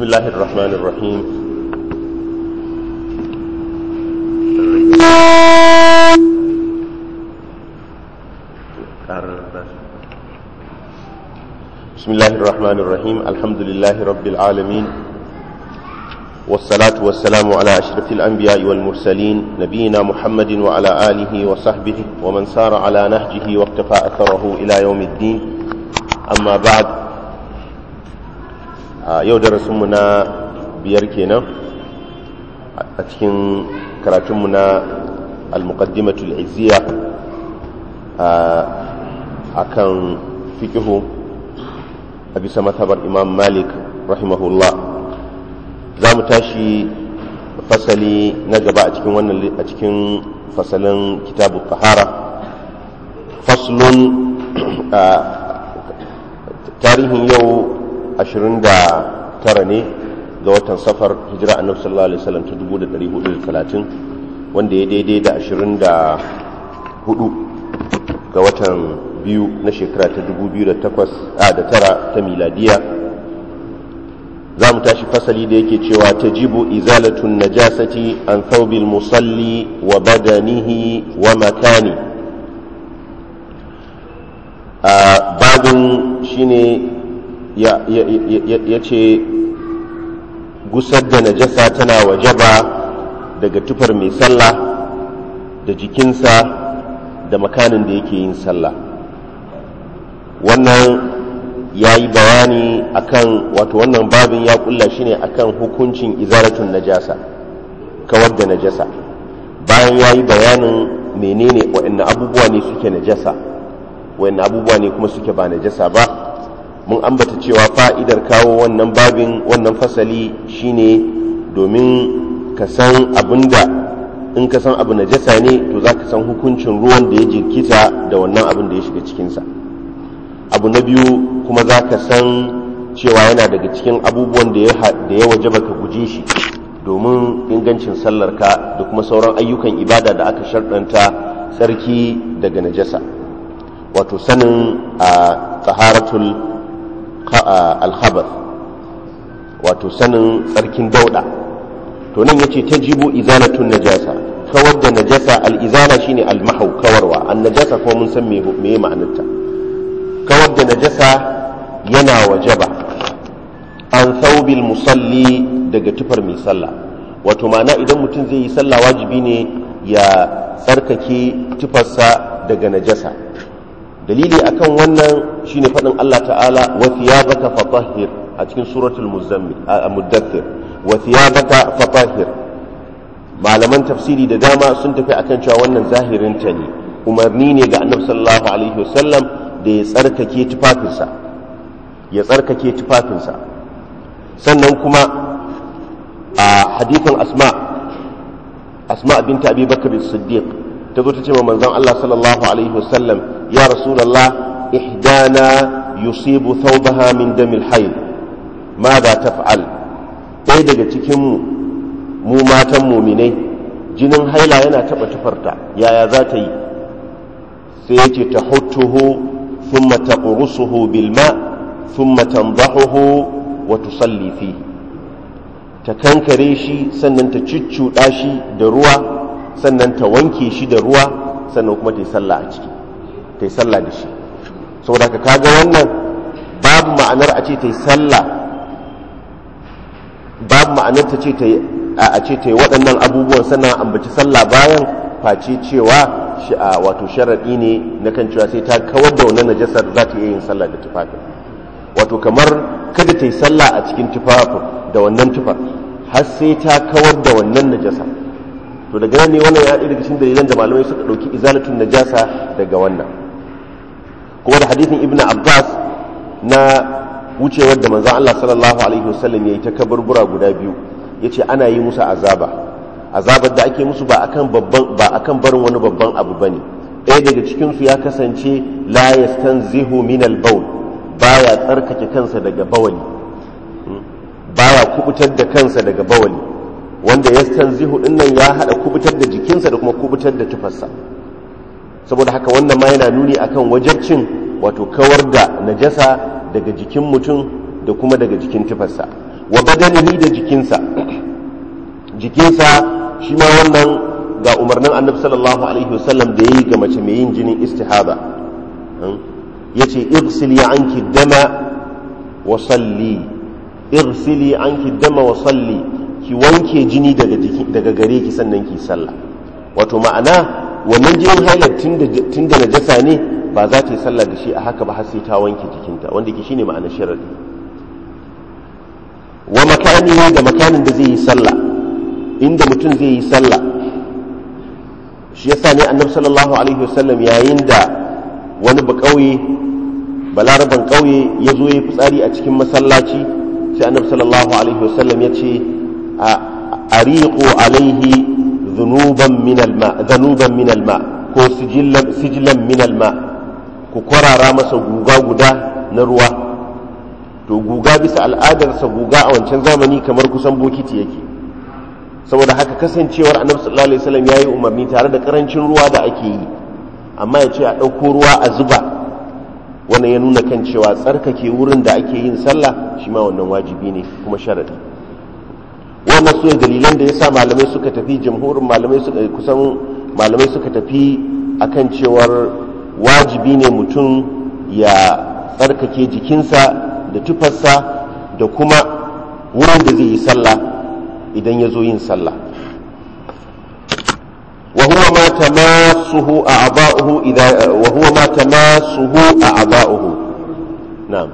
بسم الله الرحمن الرحيم بسم الله الرحمن الرحيم الحمد لله رب العالمين والصلاة والسلام على أشرف الأنبياء والمرسلين نبينا محمد وعلى آله وصحبه ومن سار على نهجه واقتفى أثره إلى يوم الدين أما بعد a yau darasinmu na biyar kenan a cikin karatunmu na al-muqaddimatul izziya a kan fikihu a bisa matabar imam malik rahimahullah za mu tashi fasali na gaba a cikin wannan a cikin fasalin kitabu faslun tarihin yau ashirin da tara ne ga watan safar hijira annabi sallallahu alaihi wasallam ta dubu da dari hudu da talatin wanda ya daidai da ashirin da hudu ga watan biyu na shekara ta dubu biyu da takwas a da tara ta miladiya za mu tashi fasali da yake cewa ta jibu izalatun najasati an thawbil musalli wa badanihi wa makani a babin shine ya ce gusar da najasa tana wajaba daga tufar mai sallah da jikinsa da makanin da yake yin sallah wannan ya yi bayani akan wato wannan babin ya kulla shi ne akan hukuncin izaratun najasa kawar da najasa bayan ya yi bayanin menene waɗanne abubuwa ne suke najasa waɗanne abubuwa ne kuma suke ba najasa ba mun ambata cewa fa'idar kawo wannan babin wannan fasali shine domin ka san da in ka san abu na jasa ne to za ka san hukuncin ruwan da ya jirkita da wannan abin da ya shiga cikinsa abu na biyu kuma za ka san cewa yana daga cikin abubuwan da ya wajaba ka guji shi domin ingancin sallarka da kuma sauran ayyukan ibada da aka sharɗanta tsarki daga najasa wato sanin a tsaharatul alhabar wato sanin tsarkin dauda to nan yace tajibu izalatun najasa kawar da najasa al-izala shine al kawarwa an-najasa kuma mun san meye ma'anarta kawar da najasa yana wajaba an thawbil musalli daga tufar mai sallah wato ma'ana idan mutum zai yi sallah wajibi ne ya tsarkake tufarsa daga najasa dalili akan wannan shine faɗin Allah ta'ala wa thiyabaka fatahhir a cikin suratul muzammil muddathir wa thiyabaka fatahhir malaman tafsiri da dama sun tafi akan cewa wannan zahirin ta ne umarni ne ga annabi sallallahu alaihi wasallam da ya tsarkake tufafinsa ya tsarkake tufafinsa sannan kuma a hadithin asma asma binta abi bakr as-siddiq ta zo ta ce ma manzon Allah sallallahu alaihi wasallam ya rasulullah ihdana yusibu thawbaha min damil hayd da تفعل ɗaya daga cikinmu mu matan muminai jinin haila yana taɓa tufarta yaya za ta yi sai ta hutuhu sun mata ƙurusuhu bilma sun matan wa wata sallifi ta kankare shi sannan ta ciccuɗa shi da ruwa sannan ta wanke shi da ruwa sannan kuma ta yi sallah a ciki ta yi sallah da shi saboda ka kaga wannan babu ma'anar a ce ta yi sallah babu ma'anar ta ce ta yi a ce ta yi waɗannan abubuwan sannan ambaci sallah bayan face cewa shi a wato sharaɗi ne na kan cewa sai ta kawar da wannan najasar za ta iya yin sallah da tufafin wato kamar kada ta yi sallah a cikin tufafin da wannan tufar har sai ta kawar da wannan najasar to daga nan ne wannan ya daga cikin dalilan da malamai suka dauki izalatun najasa daga wannan kuma da hadisin ibnu abbas na wucewar da manzan Allah sallallahu alaihi wasallam yayi ta kaburbura guda biyu yace ana yi musu azaba azabar da ake musu ba akan babban barin wani babban abu ba ne ɗaya daga cikin su ya kasance la yastanzihu min al-bawl baya tsarkake kansa daga bawali hmm? baya kubutar da kansa daga bawali wanda ya yastanzihu din nan ya hada kubutar da jikinsa da kuma kubutar da tufarsa saboda haka wannan ma yana nuni akan wajabcin wato kawar da najasa daga jikin mutum da kuma daga jikin tufarsa wa badanihi da jikinsa jikinsa shi ma wannan ga umarnin annabi sallallahu alaihi wasallam da yayi ga mace mai yin jinin istihaba hmm? yace ighsili anki dama wa salli anki dama wa salli ki wanke jini daga gare ki sannan ki sallah wato ma'ana wannan jinin hailar tun da najasa ne ba za ta yi sallah da shi a haka ba har sai ta wanke jikinta wanda ki ne ma'ana shirar wa makani da makanin da zai yi sallah inda mutum zai yi sallah shi yasa ne annab sallallahu alaihi wasallam yayin da wani ba kauye balaraban kauye ya zo ya fitsari a cikin masallaci sai annab sallallahu alaihi wasallam ya ce ariqu alaihi dhunuban min alma dhanuban min alma ko sijilan minalma, min alma ku kwarara masa guga guda na ruwa to guga bisa al'adarsa guga a wancan zamani kamar kusan bokiti yake saboda haka kasancewar annabi sallallahu alaihi wasallam yayi umarni tare da karancin ruwa da ake yi amma ya ce a ɗauko ruwa a zuba wannan ya nuna kan cewa tsarkake wurin da ake yin sallah shi ma wannan wajibi ne kuma sharadi wannan su dalilan da yasa malamai suka tafi jamhurin malamai suka kusan malamai suka tafi akan cewar wajibi ne mutum ya tsarkake jikinsa da tufarsa da kuma wurin da zai yi sallah idan ya zo yin sallah wahuwa mata تماسه أعضاؤه a وهو ما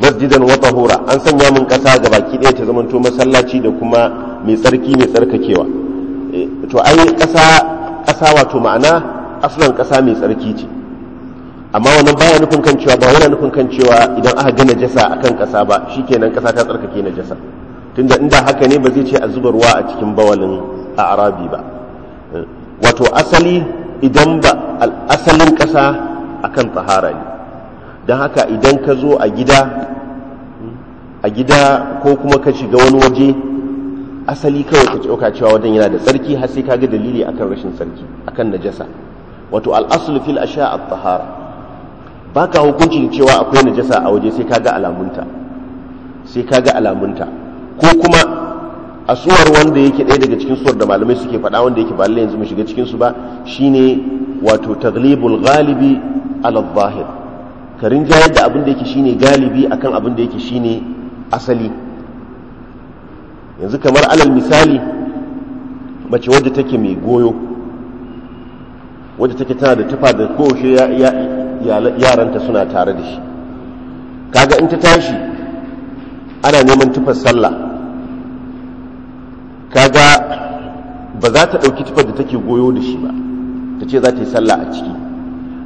masjidan wa tahura an sanya mun kasa ga baki ɗaya ta zamanto masallaci da kuma mai tsarki mai tsarkakewa eh, to ai kasa kasa wato ma'ana aslan kasa mai tsarki ce amma wannan baya nufin kan cewa ba wani nufin kan cewa idan aka ga najasa akan kasa ba shikenan kasa ta tsarkake najasa tunda inda haka ne ba zai ce a zuba a cikin bawalin a arabi ba eh, wato asali idan ba asalin kasa akan tahara ne don haka idan ka zo a gida a gida ko kuma ka shiga wani waje asali kawai ka ɗauka cewa wajen yana da tsarki har sai ka ga dalili akan rashin tsarki akan najasa wato al'asul fil asha at-tahara ka hukuncin cewa akwai najasa a waje sai ka ga alamunta sai ka alamunta ko kuma a suwar wanda yake ɗaya daga cikin suwar da malamai suke faɗa wanda yake ba yanzu mu shiga cikin su ba shine wato taglibul galibi ala zahir ka rinjayar da abin da yake shine galibi akan abin da yake shine asali yanzu kamar alal misali mace wadda take mai goyo wadda take tana da tufa da kowace yaranta suna tare da shi kaga in ta tashi ana neman tufar sallah kaga ba za ta ɗauki tufar da take goyo da shi ba ta ce za ta yi sallah a ciki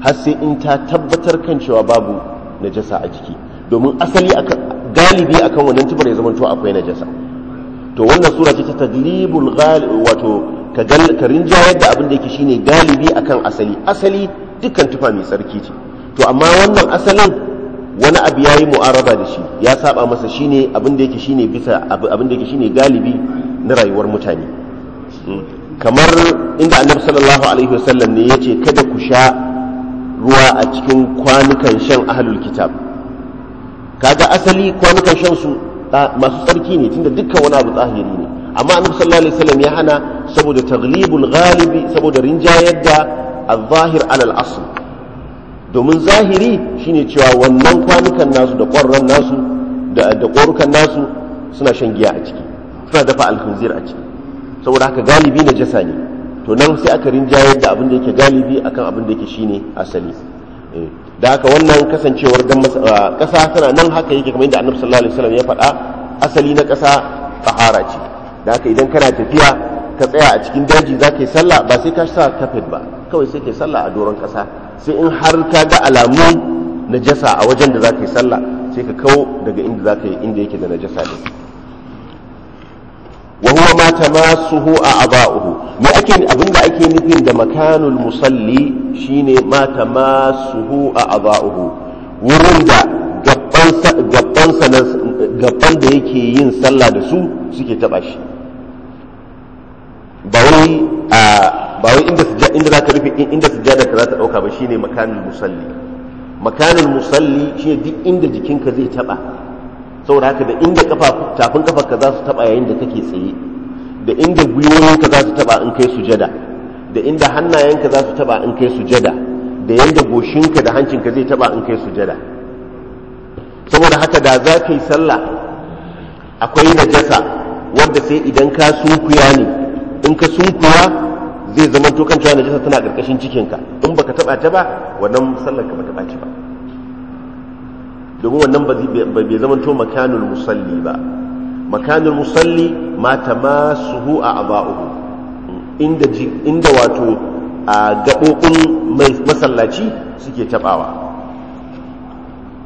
har sai in ta tabbatar kan cewa babu najasa a jiki domin asali galibi akan wannan tubar ya zama to akwai najasa to wannan sura ce ta tadlibul wato ka rinjayar yadda abin da yake shine galibi akan asali asali dukkan tufa mai tsarki ce to amma wannan asalin wani abu ya yi mu'araba da shi ya saba masa shine abin da yake shine bisa abin da yake shine galibi na rayuwar mutane hmm. kamar inda annabi sallallahu alaihi wasallam ne yace kada ku sha ruwa a cikin kwanukan shan ahlul kitab kaga asali kwanukan shan su masu tsarki ne tunda dukkan wani abu tsahiri ne amma annabi sallallahu alaihi wasallam ya hana saboda taglibul ghalibi saboda rinjayar da al-zahir ala al-asl domin zahiri shine cewa wannan kwanukan nasu da ƙwarran nasu da da ƙorukan nasu suna shan giya a ciki suna dafa al-khinzir a ciki saboda haka galibi na jasa ne to nan sai aka rinjayar da abin da yake galibi akan abin da yake shine asali eh, da haka wannan kasancewar dan ah, kasa tana nan haka yake kamar yadda annabi sallallahu alaihi wasallam ya faɗa asali na kasa tahara ce da haka idan kana tafiya ka tsaya a cikin daji za ka yi sallah ba sai ka sa kafet ba kawai sai ka sallah a doron kasa sai in har ka ga alamu najasa a wajen da za ka yi sallah sai ka kawo daga inda za inda yake da najasa ne wa huwa ma tamasuhu a aba'uhu me ake abinda ake nufin da makanul musalli shine ma tamasuhu a aba'uhu wurin da gaban da yake yin sallah da su suke taba shi ba wai ba wai inda inda zaka rufe inda sujada ka zaka dauka ba shine makanul musalli makanul musalli shine duk inda jikinka zai taba saboda haka da inda kafa tafin kafarka za su taba yayin da kake tsaye da inda ka za su taba in kai sujada da inda hannayenka za su taba in kai sujada da yanda goshinka da hancinka zai taba in kai sujada saboda haka da za ka yi sallah akwai najasa wanda sai idan ka sunkuya ne in ka sunkuya zai zama to kan cewa najasa tana karkashin cikinka in baka taba ta ba wannan sallar ka bata ba domin wannan ba bai zamanto makanul musalli ba makanul musalli ma tamasuhu a aba'uhu inda inda wato a gabobin masallaci suke tabawa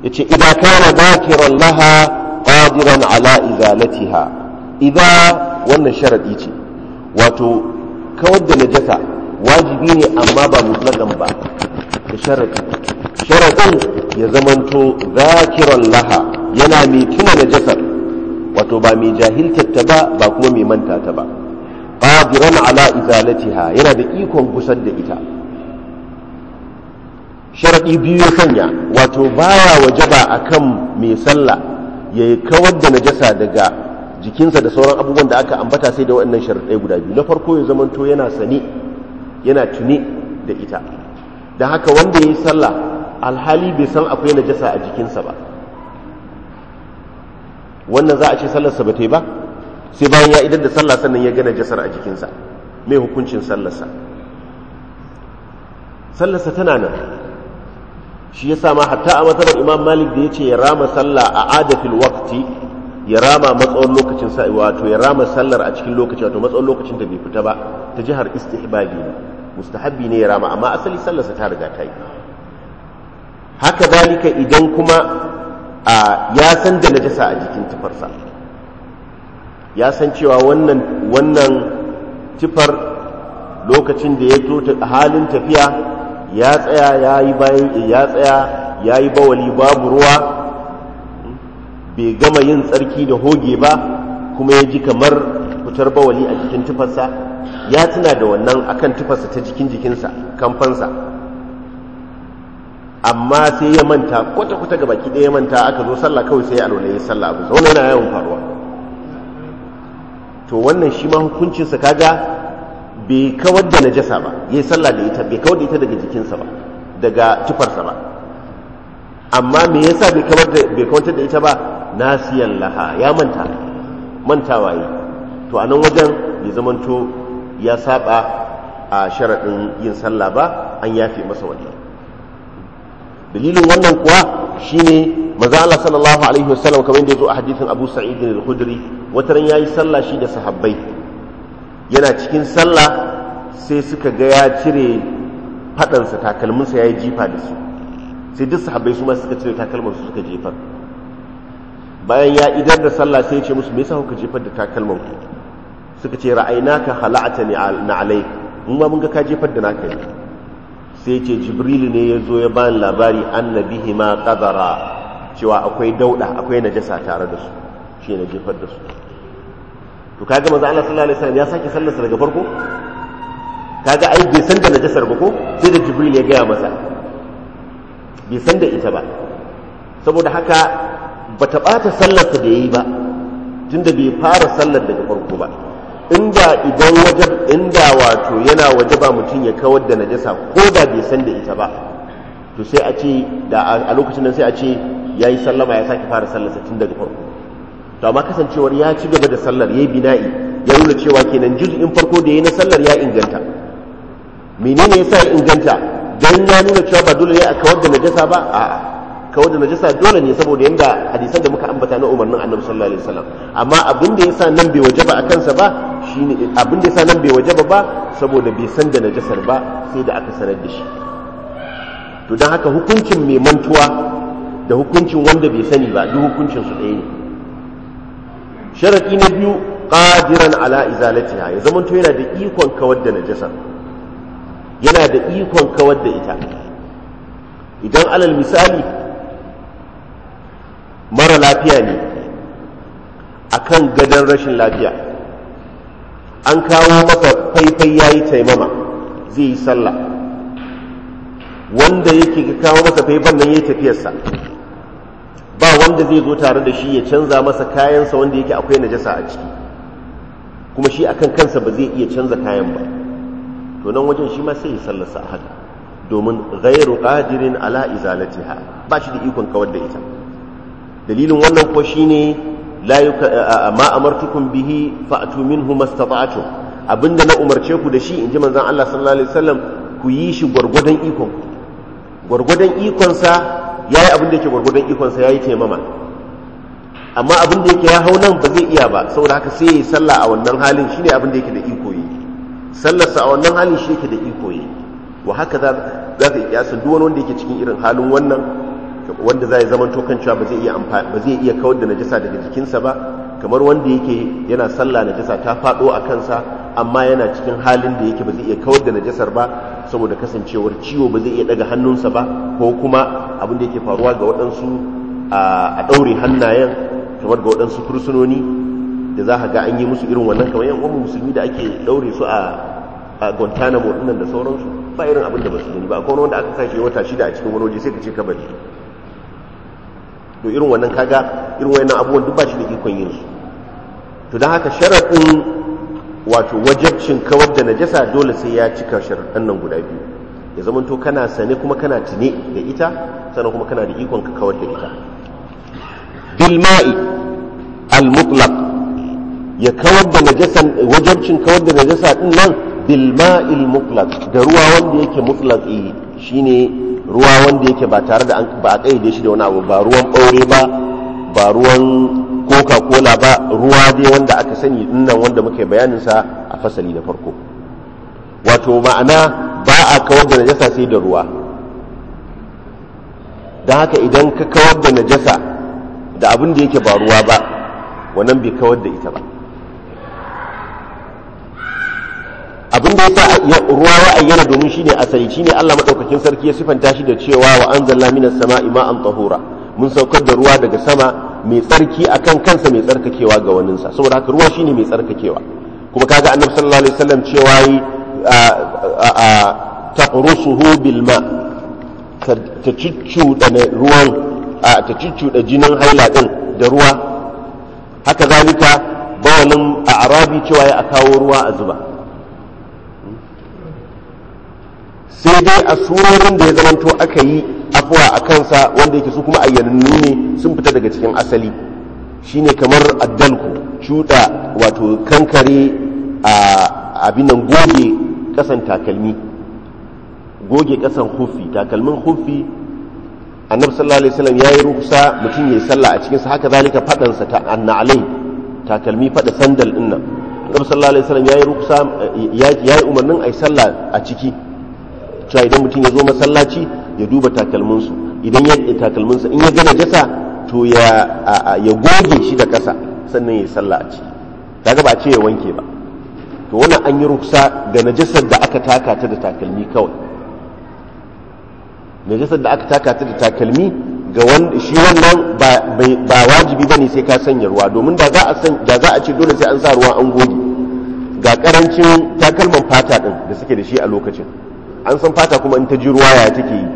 yace idza kana zakiran laha qadiran ala izalatiha Idan wannan sharadi ce wato kawar da najasa wajibi ne amma ba mutlaqan ba da sharadi sharadin ya zamanto zakiran laha yana mai tuna da jasar wato ba mai jahiltar ta ba kuma mai manta ta ba qadiran ala izalatiha yana da ikon gusar da ita sharadi biyu ya sanya wato baya wajaba akan mai sallah ya kawar da najasa daga jikinsa da sauran abubuwan da aka ambata sai da waɗannan sharaɗai guda biyu na farko ya zamanto yana sani yana tuni da ita da haka wanda ya yi sallah alhali bai san akwai najasa a jikinsa ba wannan za a ce sallarsa ba ta yi ba sai bayan ya idan da sallah sannan ya gana jasar a jikinsa mai hukuncin sallarsa sallarsa tana nan shi ya sama hatta a matsalar imam malik da ya ce ya rama sallah a Adafin wakti ya rama matsawar lokacin sa'iwa to ya rama sallar a cikin lokacin wato matsawar lokacin da bai fita ba ta jihar istihbabi ne mustahabbi ne ya rama amma asali sallarsa ta riga ta yi haka dalika idan kuma ya san da najasa a jikin tufarsa ya san cewa wannan wannan tufar lokacin da ya to halin tafiya ya tsaya ya yi bayan ya tsaya ya bawali babu ruwa bai gama yin tsarki da hoge ba kuma ya ji kamar fitar bawali a jikin tufarsa ya tuna da wannan akan tufasa ta jikin jikinsa kamfansa amma sai ya manta kwata-kwata ga baki ɗaya manta aka zo sallah kawai sai ya alwala ya sallah abu zaune yana yawan faruwa to wannan shi ma hukuncinsa kaga bai kawar da najasa ba ya yi sallah da ita bai kawar da ita daga jikinsa ba daga tufarsa ba amma me yasa bai kawar da bai kawar da ita ba nasiyan laha ya manta mantawa yi to a nan wajen ya zamanto ya saba a sharaɗin yin sallah ba an yafe masa wani dalilin wannan kuwa shine ne Allah sallallahu alaihi wasallam kamar yadda ya zo a hadisin Abu Sa'id al-Khudri wata ran yayi sallah shi da sahabbai yana cikin sallah sai suka ga ya cire fadansa takalminsa yayi jifa da su sai duk sahabbai su ma suka cire takalmin su suka jefar bayan ya idar da sallah sai ya ce musu me yasa kuka jefar da takalmin ku suka ce ra'ainaka ne na alai mun ma mun ga ka jefar da naka ne sai ce jibril ne ya zo ya bani labari Annabihima, ma qadara cewa akwai dauda akwai najasa tare da su shi ne jefar da su to kaga manzo Allah sallallahu alaihi wasallam ya sake sallarsa daga farko kaga ai bai san da najasar ba ko sai da jibril ya gaya masa bai san da ita ba saboda haka bata bata sallarsa da yayi ba tunda bai fara sallar daga farko ba inda idan wajab inda wato yana wajaba mutum ya kawar da najasa ko da bai san da ita ba to sai a ce da a lokacin nan sai a ce yayi sallama ya sake fara sallarsa tun daga farko to amma kasancewar ya ci gaba da sallar yayi bina'i ya nuna cewa kenan juz'in farko da yayi na sallar ya inganta menene yasa ya inganta dan ya nuna cewa ba dole ne a kawar da najasa ba a'a kawar da najasa dole ne saboda yanda hadisan da muka ambata na umarnin annabi sallallahu alaihi wasallam amma abin da yasa nan bai wajaba a kansa ba shine abin da yasa nan bai waje ba saboda bai san da najasar ba sai da aka sanar da shi to don haka hukuncin mai mantuwa da hukuncin wanda bai sani ba duk hukuncin su ɗaya ne sharadi na biyu qadiran ala izalatiha ya zama to yana da ikon kawar da najasa yana da ikon kawar da ita idan alal misali mara lafiya ne akan gadon rashin lafiya an kawo maka faifai ya yi taimama zai yi sallah wanda yake kawo masa faifan nan ya yi tafiyarsa ba wanda zai zo tare da shi ya canza masa kayansa wanda yake akwai najasa a ciki kuma shi akan kansa ba zai iya canza kayan ba to nan wajen shi ma sai ya sallarsa a haka domin ghairu qadirin ala izalatiha ba shi da ikon kawar da ita dalilin wannan ko shine la ma amartukum bihi fa'tu minhu mastata'tum abinda na umarce ku da shi inji manzon Allah sallallahu alaihi wasallam ku yi shi gwargwadon ikon gwargwadon ikon sa yayi abinda da yake gwargwadon ikon sa yayi taimama amma abinda da yake ya hau nan ba zai iya ba saboda haka sai ya yi sallah a wannan halin shine abinda da yake da iko yi sallar sa a wannan halin shi yake da iko yi wa haka za za ka kiyasa duk wanda yake cikin irin halin wannan wanda zai zaman to kan cewa ba zai iya amfani ba zai iya kawar da najasa daga jikinsa ba kamar wanda yake yana sallah najasa ta fado a kansa amma yana cikin halin da yake ba zai iya kawar da najasar ba saboda kasancewar ciwo ba zai iya daga hannunsa ba ko kuma abin da yake faruwa ga waɗansu a ɗaure hannayen kamar ga waɗansu fursunoni da za ga an yi musu irin wannan kamar yan uwan musulmi da ake ɗaure su a a guantanamo ɗinnan da sauransu ba irin abin da ba su gani ba akwai wanda aka kashe wata shida a cikin wani waje sai ka ce kabari to irin wannan kaga irin wannan abubuwan duk ba shi da ikon yin su to don haka sharaɗin wato wajabcin kawar da najasa dole sai ya cika sharaɗin nan guda biyu ya zama to kana sane kuma kana tune da ita sannan kuma kana da ikon ka kawar da ita bilma'i al-mutlaq ya kawar da najasa wajabcin kawar da najasa din nan al mutlaq da ruwa wanda yake mutlaqi shine ruwa wanda yake ba tare da ba a kayyade shi da wani abu ba ruwan ɓaure ba ba ruwan coca cola ba ruwa dai wanda aka sani dinnan wanda muke bayanin sa a fasali da farko wato ma'ana ba a kawar da najasa sai da ruwa don haka idan ka kawar da najasa da abin da yake ba ruwa ba wannan bai kawar da ita ba abin da yasa ruwa ya ayyana domin shine asali shine Allah madaukakin sarki ya sifanta shi da cewa wa anzalna minas sama'i ma'an tahura mun saukar da ruwa daga sama mai tsarki akan kansa mai tsarkakewa ga waninsa saboda haka ruwa shine mai tsarkakewa kuma kaga annabi sallallahu alaihi wasallam cewa yi taqrusuhu bil ma ta da ruwan ta da jinin haila din da ruwa haka zalika bawalin a'rabi cewa ya kawo ruwa a zuba sai dai a surorin da ya zamanto aka yi afuwa a kansa wanda yake su kuma ayyanannu ne sun fita daga cikin asali shine kamar addalku cuta wato kankare a abin nan goge ƙasan takalmi goge ƙasan hufi takalmin hufi annabi sallallahu alaihi wasallam yayi rukusa mutum yayi sallah a cikin sa haka zalika fadan sa ta annalai takalmi fada sandal din nan annabi sallallahu alaihi wasallam yayi rukusa yayi umarnin ai sallah a ciki cewa idan mutum ya zo masallaci ya duba takalminsu idan ya takalminsu in ya ga najasa to ya ya goge shi da ƙasa sannan ya sallah a ciki kaga ba a ce ya wanke ba to wannan an yi ruksa ga najasar da aka taka ta da takalmi kawai najasar da aka taka ta da takalmi ga wanda shi wannan ba wajibi bane sai ka sanya ruwa domin da za a san da za a ce dole sai an sa ruwa an goge ga karancin takalman fata din da suke da shi a lokacin an san fata kuma in ta ji ruwa ya take yi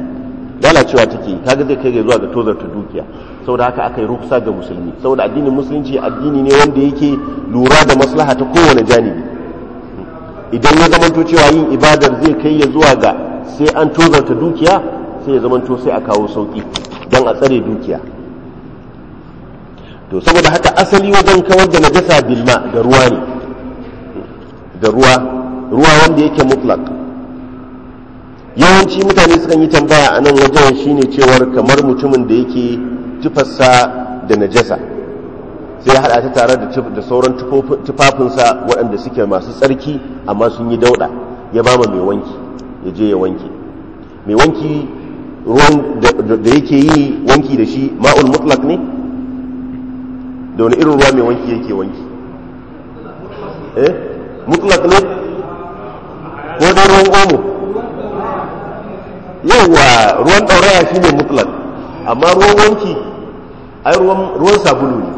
lalacewa take yi kaga zai kai ga zuwa ga tozar ta dukiya saboda haka aka yi ruksa ga musulmi saboda addinin musulunci addini ne wanda yake lura da maslaha ta kowane janibi idan ya to cewa yin ibadar zai kai ya zuwa ga sai an tozarta dukiya sai ya to sai a kawo sauki don a tsare dukiya to saboda haka asali wajen kawar da najasa bilma da ruwa ne da ruwa ruwa wanda yake mutlaka yawanci mutane sukan yi tambaya a nan wajen shine cewar kamar mutumin da yake tufarsa da najasa sai ya haɗa ta tare da sauran tufafinsa waɗanda suke masu tsarki amma sun yi dauɗa ya ba mai wanki ya je ya wanki mai wanki ruwan da yake yi wanki da shi ma'ul mutlak ne da wani irin ruwa mai wanki yake wanki eh mutlak ne ko da ruwan omo yauwa ruwan ɗauraya shi ne mutlak amma ruwan wanki ai ruwan sabulu ne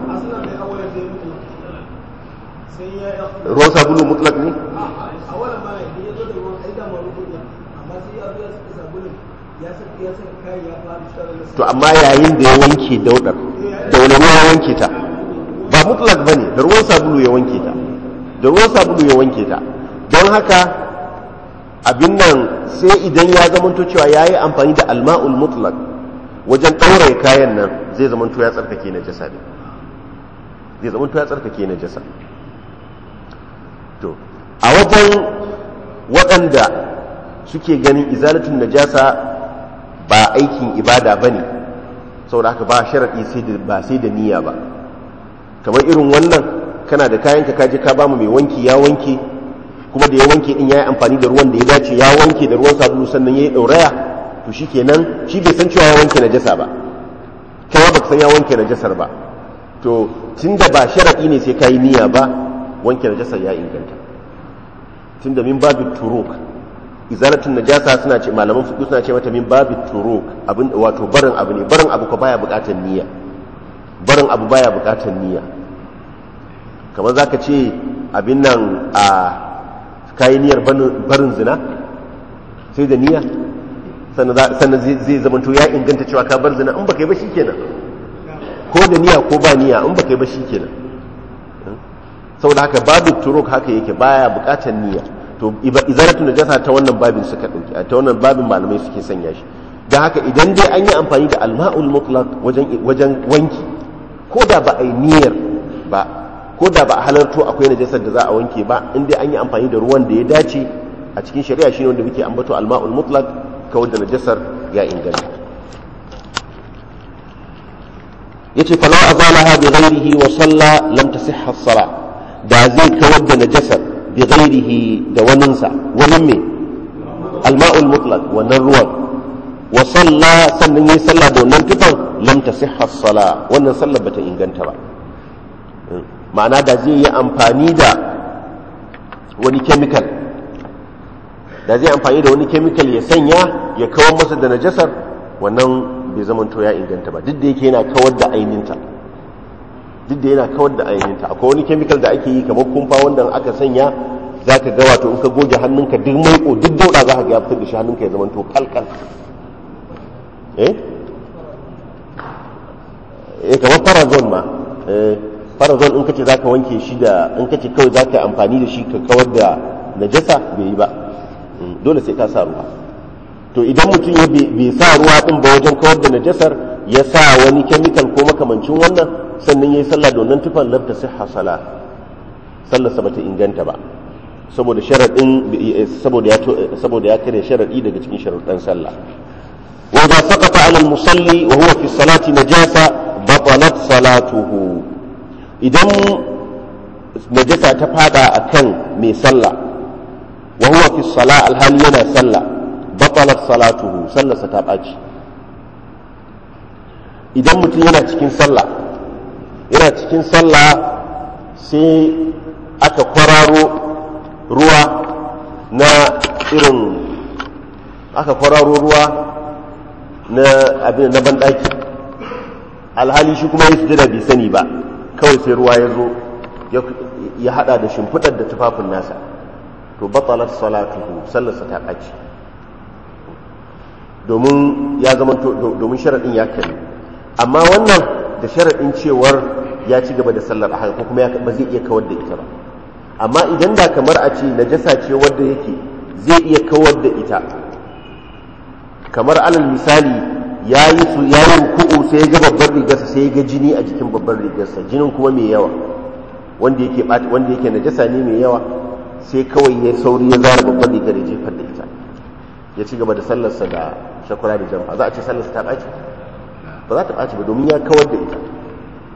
ruwan sabulu mutlak ne to amma yayin da ya wanke daudar da wani ruwan wanke ta ba mutlak ba ne da ruwan sabulu da ruwan sabulu ya wanke ta don haka abin nan sai idan ya zama cewa ya yi amfani da alma'ul mutlak wajen ɗauraye kayan nan zai zamanto ya tsarkake na jasa ne zai zamanto ya tsarkake na jasa to a wajen waɗanda suke ganin izalatun najasa ba aikin ibada ba ne saboda haka ba sharaɗi ba sai da niyya ba kamar irin wannan kana da kayanka kaje ka bamu mai wanki ya wanke kuma da ya wanke din yayi amfani da ruwan da ya dace ya wanke da ruwan sabulu sannan yayi dauraya to shikenan shi bai san cewa ya wanke najasa ba kai ba san ya wanke najasar ba to tunda ba sharadi ne sai kai niyya ba wanke najasar ya inganta tunda min babu turuk izalatun najasa suna ce malaman fiqh suna ce mata min babu turuk abin wato barin abu ne barin abu ko baya bukatar niyya barin abu baya bukatar niyya kamar zaka ce abin nan a ka yi niyyar barin zina sai da niyya sannan zai zamanto ya inganta cewa ka bar zina in ba kai ba shi kenan ko da niyya ko ba niyya in ba kai ba shi kenan saboda haka babu turok haka yake baya bukatar niyya to izaratu jasa ta wannan babin suka dauki ta wannan babin malamai suke sanya shi don haka idan dai an yi amfani da alma'ul mutlak wajen wanki ko da ba a yi niyyar ba ko da ba a halarto akwai najasar da za a wanke ba inda an yi amfani da ruwan da ya dace a cikin shari'a shine wanda muke ambato alma'ul mutlaq kawai da najasar ya inganta yace fa law azalaha bi ghairihi wa salla lam tasihha as-salah da zai kawar da najasar bi ghairihi da wannan waninsa wannan me alma'ul mutlaq wannan ruwan wa salla sannan yayi sallah da wannan tufan lam tasihha as-salah wannan sallar bata inganta ba hmm. ma'ana da zai yi amfani da wani kemikal da zai amfani da wani kemikal ya sanya ya kawar masa da najasar wannan bai zamanto ya inganta ba duk da yake yana kawar da ainihinta duk da yana kawar da ainihinta akwai wani kemikal da ake yi kamar kumfa wanda aka sanya za ka gawa to in ka goge hannunka duk maiko duk dauda za ka ga ya fitar da shi hannunka ya zamanto kalkal eh? eh kamar farazon ma eh farazon in kace zaka wanke shi da in kace kawai zaka amfani da shi ka kawar da najasa bai yi ba mm, dole sai ka sa ruwa to idan mutum ya bai sa ruwa din ba wajen kawar da najasar ya sa wani chemical ko makamancin wannan sannan yayi sallah da wannan tufan lafta sihha sala sallar sa bata inganta ba saboda sharadin eh, saboda ya saboda ya kare sharadi daga cikin sharadan sallah wa da saqata ala al-musalli wa huwa fi salati najasa batalat salatuhu idan najasa ta fada akan mai sallah wa huwa fi alhali yana sallah batalat salatuhu sallarsa ta baci idan mutum yana cikin sallah yana cikin sallah sai aka kwararo ruwa na irin aka kwararo ruwa na abin na banɗaki alhali shi kuma ya sujada bai sani ba kawai sai ruwa ya zo ya hada da shimfidar da tufafin nasa to batalar ko sallarsa ta ɓace domin ya zama domin sharaɗin ya kai amma wannan da sharaɗin cewar ya ci gaba da sallar a ko kuma ba zai iya kawar da ita ba amma idan da kamar a ce najasa ce wadda yake zai iya kawar da ita kamar alal misali ya yi su ya yi ruku'u sai ga babbar rigarsa sai ga jini a jikin babbar rigarsa jinin kuma mai yawa wanda yake wanda yake najasa ne mai yawa sai kawai ya sauri ya zara babbar rigar ya jefar da ita ya ci gaba da sallarsa da shakura da jama'a za a ce sallarsa ta ɓaci ba za ta ɓaci ba domin ya kawar da ita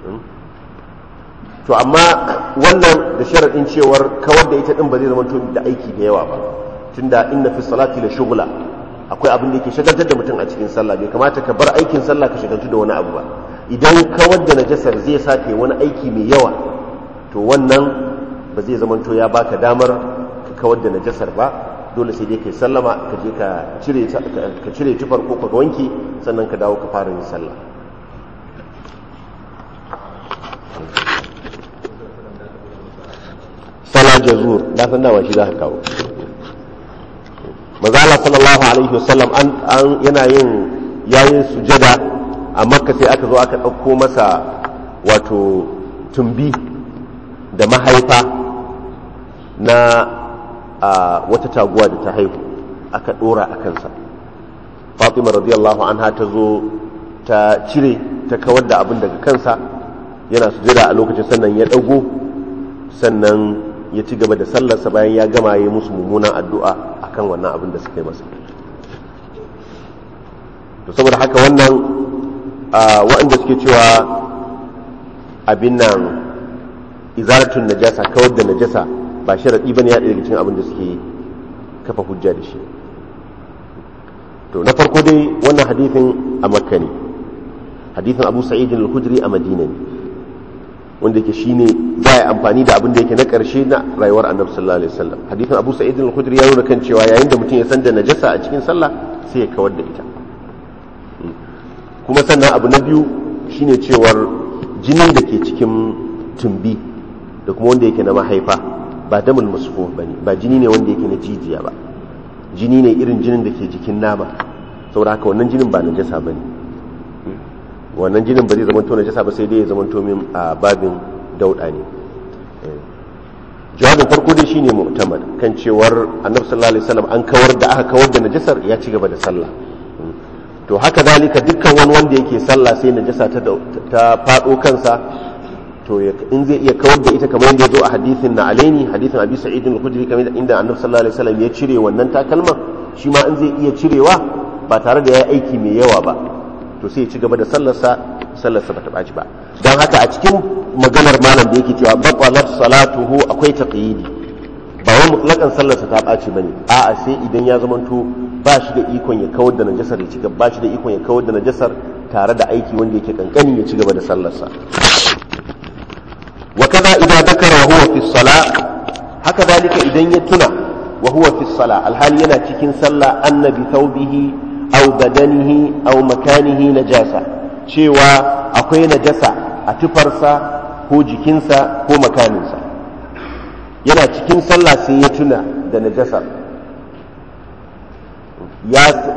hmm? to amma wannan da sharaɗin cewar kawar da ita ɗin ba zai zama da aiki da yawa ba tunda inna fi salati la shughla akwai abin da yake shagaltar da mutum a cikin sallah bai kamata ka bar aikin sallah ka shagaltu da wani abu ba idan kawar da najasar zai sa kai wani aiki mai yawa to wannan ba zai zamanto ya baka damar ka kawar da najasar ba dole sai dai kai sallama ka je ka cire ka cire tufar ko ka wanke sannan ka dawo ka fara yin sallah jazur shi za ka kawo mazala sallallahu alaihi wasallam an yana yin yayin sujada a makka sai aka zo aka ɗauko masa wato tumbi da mahaifa na wata taguwa da ta haihu aka ɗora a kansa fatima radiyallahu anha ta zo ta cire ta kawar da abin daga kansa yana sujada a lokacin sannan ya ɗago sannan ya ci gaba da sallarsa bayan ya gama ya musu mummunan addu'a akan wannan abin da suka masa to saboda haka wannan waɗanda suke cewa abin nan izaratun najasa kawar da najasa ba raɗi ba ne ya daga cikin abin da suke kafa hujja da shi to na farko dai wannan hadithin a makka ne hadithin abu sa'idin al a madina ne wanda yake shine za a amfani da abin da yake na karshe na rayuwar annabi sallallahu alaihi wasallam hadisin abu sa'id al-khudri ya nuna kan cewa yayin da mutum ya san da najasa a cikin sallah sai ya kawar da ita kuma sannan abu na biyu shine cewar jinin da ke cikin tumbi da kuma wanda yake na mahaifa ba damul masfuh bane ba jini ne wanda yake na jijiya ba jini ne irin jinin da ke jikin nama saboda haka wannan jinin ba najasa bane wannan jinin ba zai zama to najasa ba sai dai ya zama tomin min a babin dauɗa ne eh. jawabin farko dai shine mu'tamad kan cewar annabi sallallahu alaihi wasallam an kawar da aka kawar da najasar ya ci gaba da sallah hmm. to haka zalika dukkan wani wanda yake sallah sai najasa ta ta fado kansa to in zai iya kawar da ita kamar yadda ya zo a hadithin na alaini hadithin abi sa'id al-khudri kamar inda annabi sallallahu alaihi wasallam ya cire wannan takalman shi ma in zai iya cirewa ba tare da ya aiki mai yawa ba to sai ya ci gaba da sallarsa sallarsa bata baci ba don haka a cikin maganar malam da yake cewa batsalar salatuhu akwai taqyidi ba wai mutlakan sallarsa ta baci bane a'a sai idan ya zamanto ba shi da ikon ya kawar da najasar ya ci gaba ba shi da ikon ya kawar da najasar tare da aiki wanda yake kankani ya ci gaba da sallarsa wa kaza idan dakara huwa fi haka dalika idan ya tuna wa huwa fi alhali yana cikin sallah annabi thawbihi Au badanihi au makanihi najasa cewa akwai najasa a tufarsa ko jikinsa ko makaninsa yana cikin sallah sai ya tuna da jasa.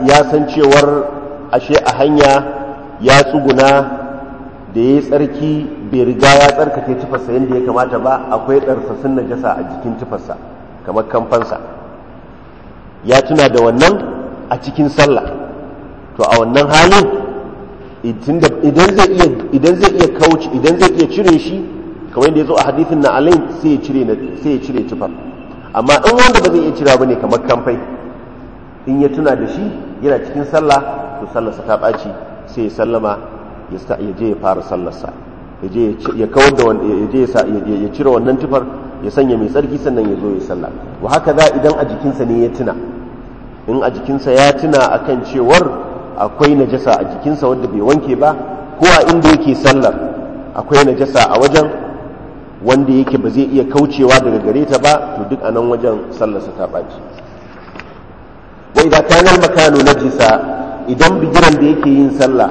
ya san cewar ashe a hanya ya tsuguna da ya yi tsarki bai riga ya tsarkake tufarsa yadda ya kamata ba akwai ɗarsassun najasa a jikin tufarsa kamar kamfansa ya tuna da wannan a cikin sallah to a wannan halin idan zai iya kauce idan zai iya cire shi kamar yadda ya zo a hadithin na alain sai ya cire tufar amma in wanda ba zai iya cira ba ne kamar kamfai in ya tuna da shi yana cikin sallah to sallarsa ta ɓaci sai ya sallama ya je ya fara sallarsa ya kawar da ya je ya cire wannan tufar ya sanya mai tsarki sannan ya zo ya sallah wa haka za idan a jikinsa ne ya tuna in a jikinsa ya tuna akan cewar akwai najasa a jikinsa wadda bai wanke ba ko a inda yake sallar akwai najasa a wajen wanda yake ba zai iya kaucewa daga gare ta ba to duk a nan wajen sallarsa ta ɓaci wa idan kanar makano najisa idan bigiran da yake yin sallah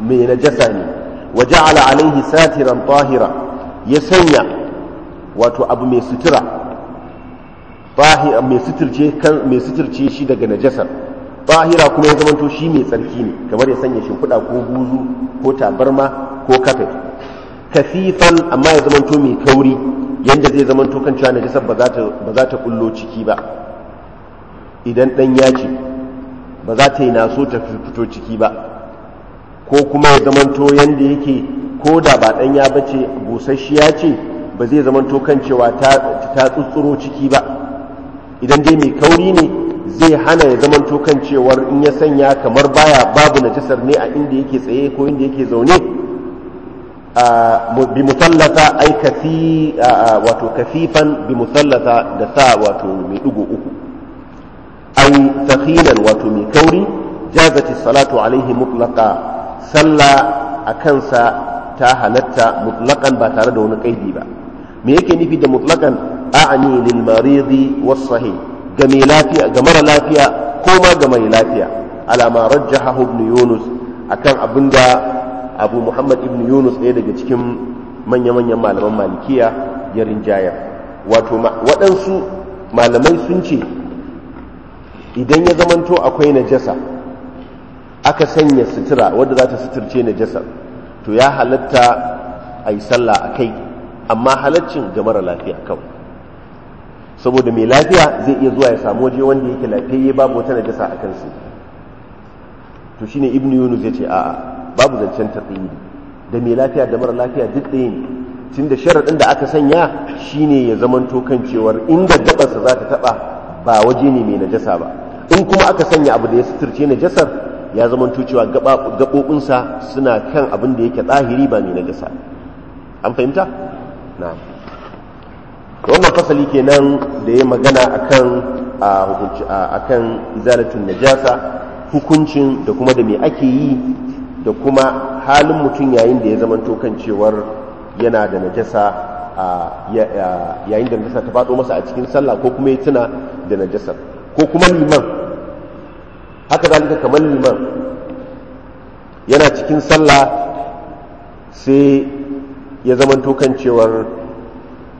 mai najasa ne waje ja'ala alaihi satiran tahira ya sanya wato abu mai sutura mai suturce shi daga najasar hira kuma ya zamanto shi mai tsarki ne kamar ya sanya shimfiɗa ko guzu ko tabarma ko kafet kafifan amma ya zamanto mai kauri yadda zai zamanto kan cewa najasar ba za ta kullo ciki ba idan ɗan ya ce ba za ta yi naso ta fito ciki ba ko kuma ya zamanto yadda yake ko da ba ɗan ya bace busasshiya ce ba zai zamanto kan cewa ta tsutsuro ciki ba idan dai mai kauri ne zai hana ya zaman tukan cewar in ya sanya kamar baya babu najasar ne a inda yake tsaye ko inda yake zaune bi musallata ai kafi wato kafifan bi musallata da sa wato mai dugo uku ai sakhinan wato mai kauri jazati salatu alaihi mutlaqa sallah a kansa ta halatta mutlaqan ba tare da wani kaidi ba me yake nufi da mutlaqan a'ani lil maridi was sahih ga lafiya ga mara lafiya ko ma ga mai lafiya alama rajjahahu ibn yunus akan abinda abu muhammad ibn yunus ɗaya daga cikin manya-manyan malaman malikiya ya rinjaya wato waɗansu malamai sun ce idan ya zamanto akwai najasa aka sanya sutura wadda za ta suturce najasa to ya halatta a yi sallah a kai amma halaccin ga mara lafiya kawai saboda mai lafiya zai iya zuwa ya samu waje wanda yake lafiyayye babu wata najasa a kansu to shine ibn yunus ya ce a'a babu zancen taqiyyi da mai lafiya da mara lafiya duk ɗaya ne tunda sharaɗin da aka sanya shi ne ya zamanto kan cewar inda gabarsa za ta taɓa ba waje ne mai najasa ba in kuma aka sanya abu da ya suturce najasar ya zamanto cewa gaɓoɓinsa suna kan abin da yake tsahiri ba mai najasa an fahimta na'am wannan fasali kenan da ya magana akan kan akan izalatun najasa hukuncin da kuma da me ake yi da kuma halin mutum yayin da ya zama tokan cewar yana da najasa yayin da najasa ta faɗo masa a cikin sallah ko kuma ya tuna da najasa ko kuma liman haka zalika kamar liman yana cikin sallah sai ya zama tokan cewar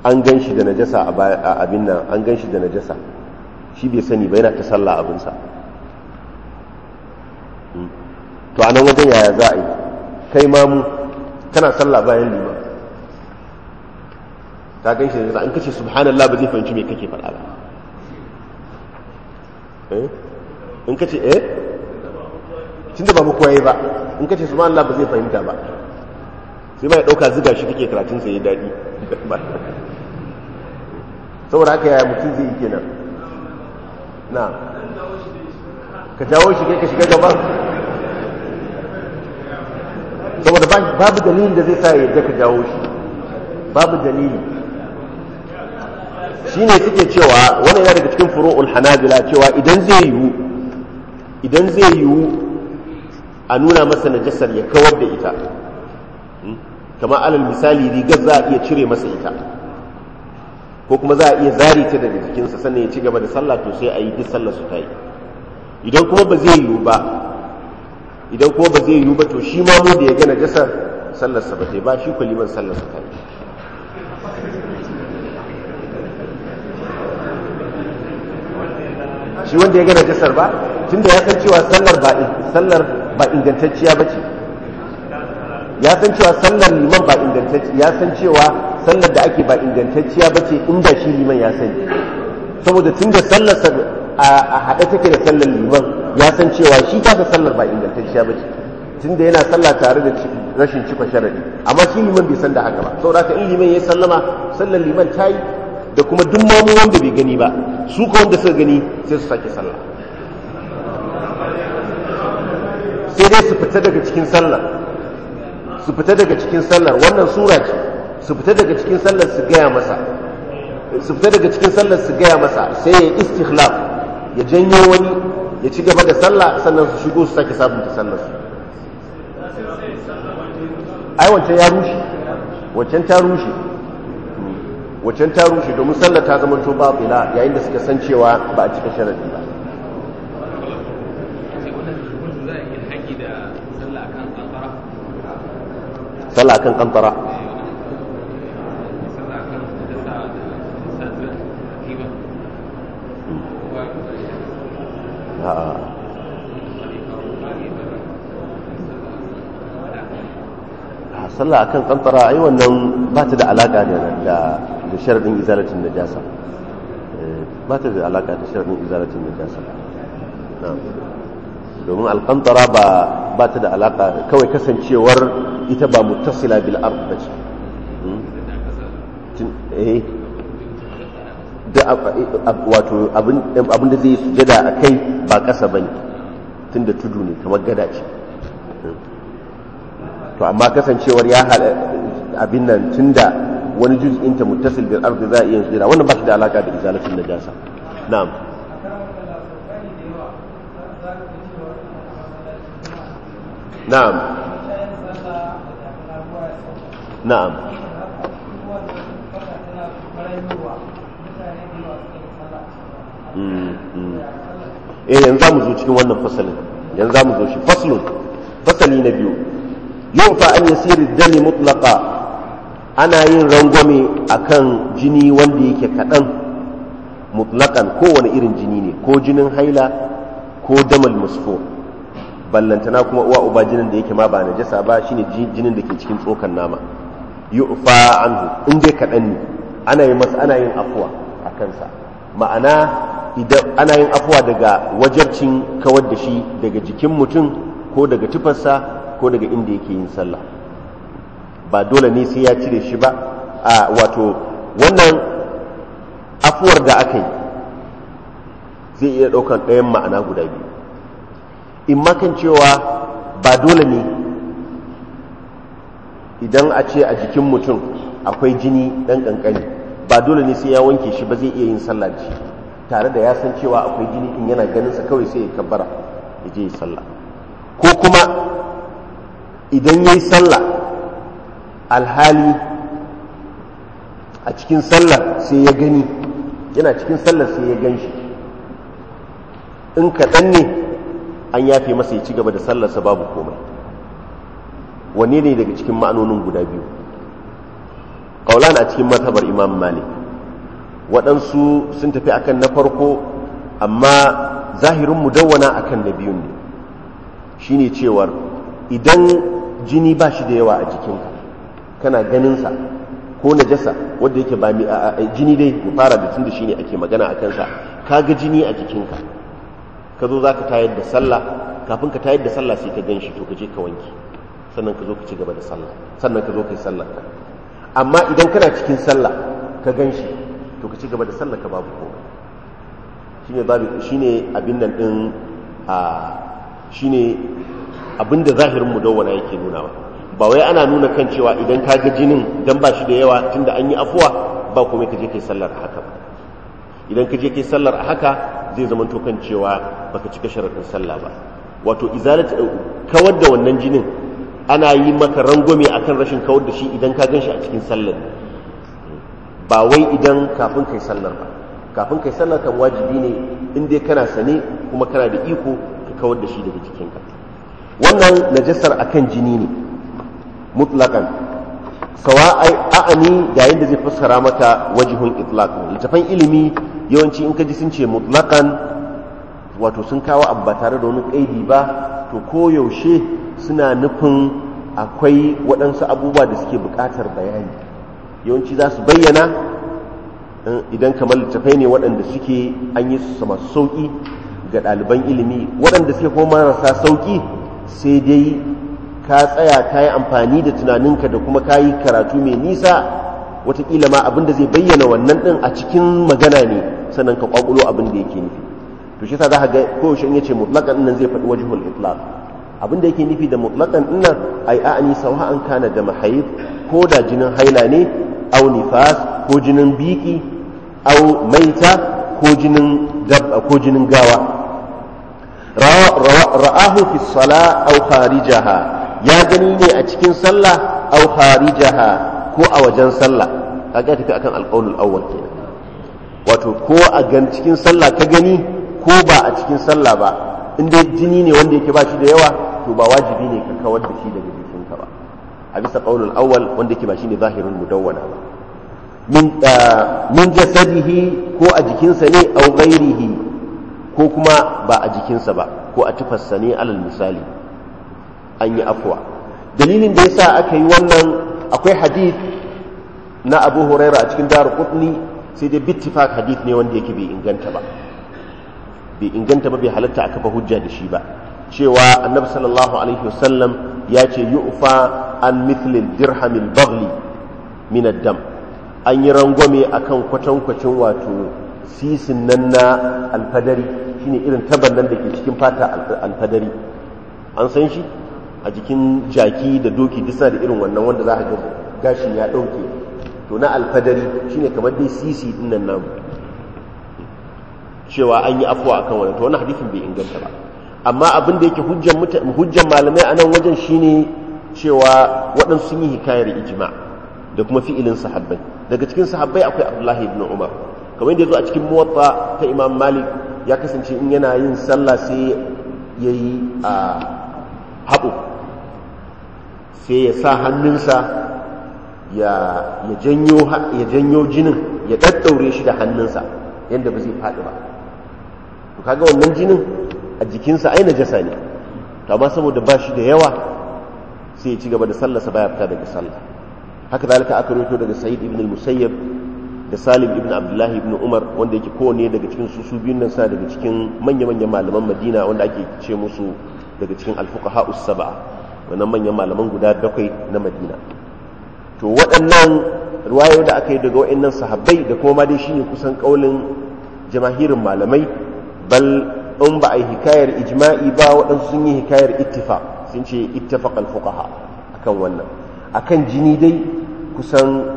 an gan shi da najasa a abin nan an gan shi da najasa shi bai sani ba yana ta sallah abinsa hmm. to a nan wajen yaya za a yi kai mamu kana sallah bayan lima ta gan shi da najasa an kace subhanallah ba zai fahimci me kake faɗa ba eh? in kace eh tunda ba mu koyi ba in kace subhanallah ba zai fahimta ba sai ma ya ɗauka ziga shi kake karatun sa ya daɗi saboda haka yaya mutum zai yi kenan na ka jawo shi kai ka shiga gaba saboda babu dalilin da zai sa ya yadda ka jawo shi babu dalili shi ne suke cewa wani yana daga cikin furu'ul hanabila cewa idan zai yiwu idan zai yiwu a nuna masa najasar ya kawar da ita hmm? kamar alal misali rigar za a iya cire masa ita ko kuma za a iya zari ta daga jikinsa sannan ya ci gaba da sallah to sai a yi duk sallar su ta yi idan kuma ba zai yiwu ba idan kuma ba zai yiwu ba to shi ma mu da ya gana jasar sallar sa ba ta ba shi kuliman sallar sa ta yi shi wanda ya gana jasar ba tunda ya san cewa sallar ba sallar ba ingantacciya bace ya san cewa sallar liman ba ingantacciya ya san cewa sallar da ake ba ingantacciya ba ce in ba shi liman ya sani saboda tun da sallar a haɗe take da sallar liman ya san cewa shi ta sallar ba ingantacciya ba ce tun da yana sallah tare da rashin cika sharadi amma shi liman bai san da haka ba saboda haka in liman ya sallama sallar liman ta yi da kuma duk mamu wanda bai gani ba su ka wanda suka gani sai su sake sallah sai dai su fita daga cikin sallar su fita daga cikin sallar wannan sura ce su fita daga cikin sallar su gaya masa su fita daga cikin sallar su gaya masa sai ya istikhlaf ya janyo wani ya ci gaba da sallah sannan su shigo su sake sabunta sallar su ai wancan ya rushe wancan ta rushe wancan ta rushe domin sallar ta zama to bila yayin da suka san cewa ba a cika sharadi ba sallah kan kantara sallah akan kamfara ai wannan ba ta da alaka da da sharadin izalatin najasa eh, ba ta da alaka da sharadin izalatin najasa domin alkantara ba ba ta da alaka kawai kasancewar ita ba muttasila bil ard ba ce hmm? eh. wato abin da zai sujada a kai ba kasa ba ne tun da tudu ne kamar gada ce to amma kasancewar ya abin nan tunda wani juz'in ta muttasil bil ardi za a iya jira wannan ba shi da alaka da izalatin najasa na'am na'am na'am hmm, hmm. eh yanzu za mu zo cikin wannan fasalin yanzu za mu zo shi fasalin fasali na biyu yufa an yasiri dami mutlaqa ana yin rangwame akan jini wanda yake kaɗan mutlakan kowane irin jini ne ko jinin haila ko damal musfo ballantana kuma uwa uba jinin da yake ma ba najasa ba shine jinin da ke cikin tsokan nama yufa anhu in dai kaɗan ne ana yin masa ana yin afuwa a kansa ma'ana idan ana yin afuwa daga wajabcin kawar da shi daga jikin mutum ko daga tufarsa ko daga inda yake yin sallah ba dole ne sai ya cire shi ba a wato wannan afuwar da aka yi zai iya ɗaukar ɗayan ma'ana guda biyu in makan cewa ba dole ne idan a ce a jikin mutum akwai jini ɗan ƙanƙani ba dole ne sai ya wanke shi ba zai iya yin sallah da tare da ya san cewa akwai jini in yana ganin sa kawai sai ya kabbara ya je ya sallah ko kuma idan ya yi sallah alhali a cikin sallah sai ya gani yana cikin sallar sai ya gan shi in kaɗan ne an yafe masa ya ci gaba da sallarsa babu komai Wani ne daga cikin ma'anonin guda biyu ƙaulan a cikin matabar imam malik waɗansu sun tafi akan na farko amma zahirin mudawwana akan na biyun ne shine cewar idan jini ba shi da yawa a jikinka kana ganinsa ko najasa wanda yake ba jini dai mu fara da tunda shine ake magana a kansa ka ga jini a jikinka ka zo za ka tayar da sallah kafin ka tayar da sallah sai ka gan shi to ka je ka wanke sannan ka zo ka ci gaba da sallah sannan ka zo ka yi sallah amma idan kana cikin sallah ka gan shi to ka ci gaba da sallah ka babu komai shine babu shine abin nan din a shine Abin abinda zahirin mu dawana yake nunawa ba wai ana nuna kan cewa idan ka ga jinin dan ba shi da yawa tunda an yi afuwa ba kuma ka je kai sallar a haka idan ka je kai sallar a haka zai zama to kan cewa baka cika sharadin sallah ba wato izalat kawar da wannan jinin ana yi maka rangwame akan rashin kawar da shi idan ka gan a cikin sallar ba wai idan kafin kai sallar ba kafin kai sallar kan wajibi ne in dai kana sane kuma kana da iko ka kawar da shi daga jikinka wannan a kan jini ne mutlaqan sawa a'ani da yadda zai fassara mata wajihun itlaq littafan ilimi yawanci in kaji sun ce mutlaƙan wato sun kawo abu ba tare da wani kaidi ba to koyaushe suna nufin akwai waɗansu abubuwa da suke buƙatar bayani yawanci za su bayyana idan kamar littafai ne waɗanda suke an yi su masu sauƙi ga ɗaliban ilimi waɗanda suke kuma marasa sauƙi sai dai ka tsaya ka yi amfani da tunaninka da kuma ka yi karatu mai nisa watakila ma abinda zai bayyana wannan ɗin a cikin magana ne sannan ka ƙwaƙulo abinda da yake nufi to shi sa za ka ga kowace in yace mutlaqan nan zai faɗi wajen itlaq abinda yake nufi da mutlaqan din a a'ani sawa'an kana da mahaif ko da jinin haila ne au nifas ko jinin biki au maita ko jinin gawa ra'ahu fi sala aw kharijaha ya gani ne a cikin sallah aw kharijaha ko a wajen sallah kaga tafi akan alqaulul awwal kenan wato ko a gan cikin sallah ka gani ko ba a cikin sallah ba inda jini ne wanda yake ba shi da yawa to ba wajibi ne ka kawar da shi daga jikinka ba a bisa qaulul awwal wanda yake ba shine zahirul mudawwana ba min ah, min jasadihi ko a jikinsa ne aw ghairihi ko kuma ba a jikinsa ba ko a tufarsa ne alal misali an yi afuwa dalilin da ya sa aka yi wannan akwai hadith na abu huraira a cikin daru Kudni, sai dai bittifak hadith ne wanda yake bai inganta ba bai inganta ba bai halatta a kafa hujja da shi ba cewa annabi sallallahu alaihi wasallam ya ce yu'fa an mithlin dirhamin bagli min an yi rangwame akan kwatankwacin wato sisin nan na alfadari ne irin taban nan da ke cikin fata alfadari an san shi a jikin jaki da doki disa da irin wannan wanda za a ga gashin ya ɗauke to na alfadari shine kamar dai sisi din nan namu cewa an yi afuwa a kan wani to wani hadifin bai inganta ba amma abin da yake hujjan malamai a nan wajen shine cewa waɗansu sun yi hikayar ijima da kuma fi'ilin sahabbai daga cikin sahabbai akwai abdullahi ibn umar kamar yadda ya zo a cikin muwatta ta imam malik ya kasance in yana yin sallah sai ya yi a haɓo sai ya sa hannunsa ya janyo jinin ya ɗaɗɗaure shi da hannunsa yadda ba zai faɗi ba to kaga wannan jinin a jikinsa aina jasa ne to amma saboda ba shi da yawa sai ya ci gaba da sallarsa baya fita daga sallah haka zalika aka roto daga sa'id ibn al-musayyab da salim ibn abdullahi ibn umar wanda yake kowane daga cikin su su biyun nan sa daga cikin manya-manyan malaman madina wanda ake ce musu daga cikin alfuka ha'us saba wannan manyan malaman guda bakwai na madina to waɗannan ruwayo da aka yi daga waɗannan sahabbai da kuma dai shine kusan kaulin jamahirin malamai bal in ba a yi hikayar ijma'i ba waɗansu sun yi hikayar ittifa sun ce ittifaq al akan wannan akan jini dai kusan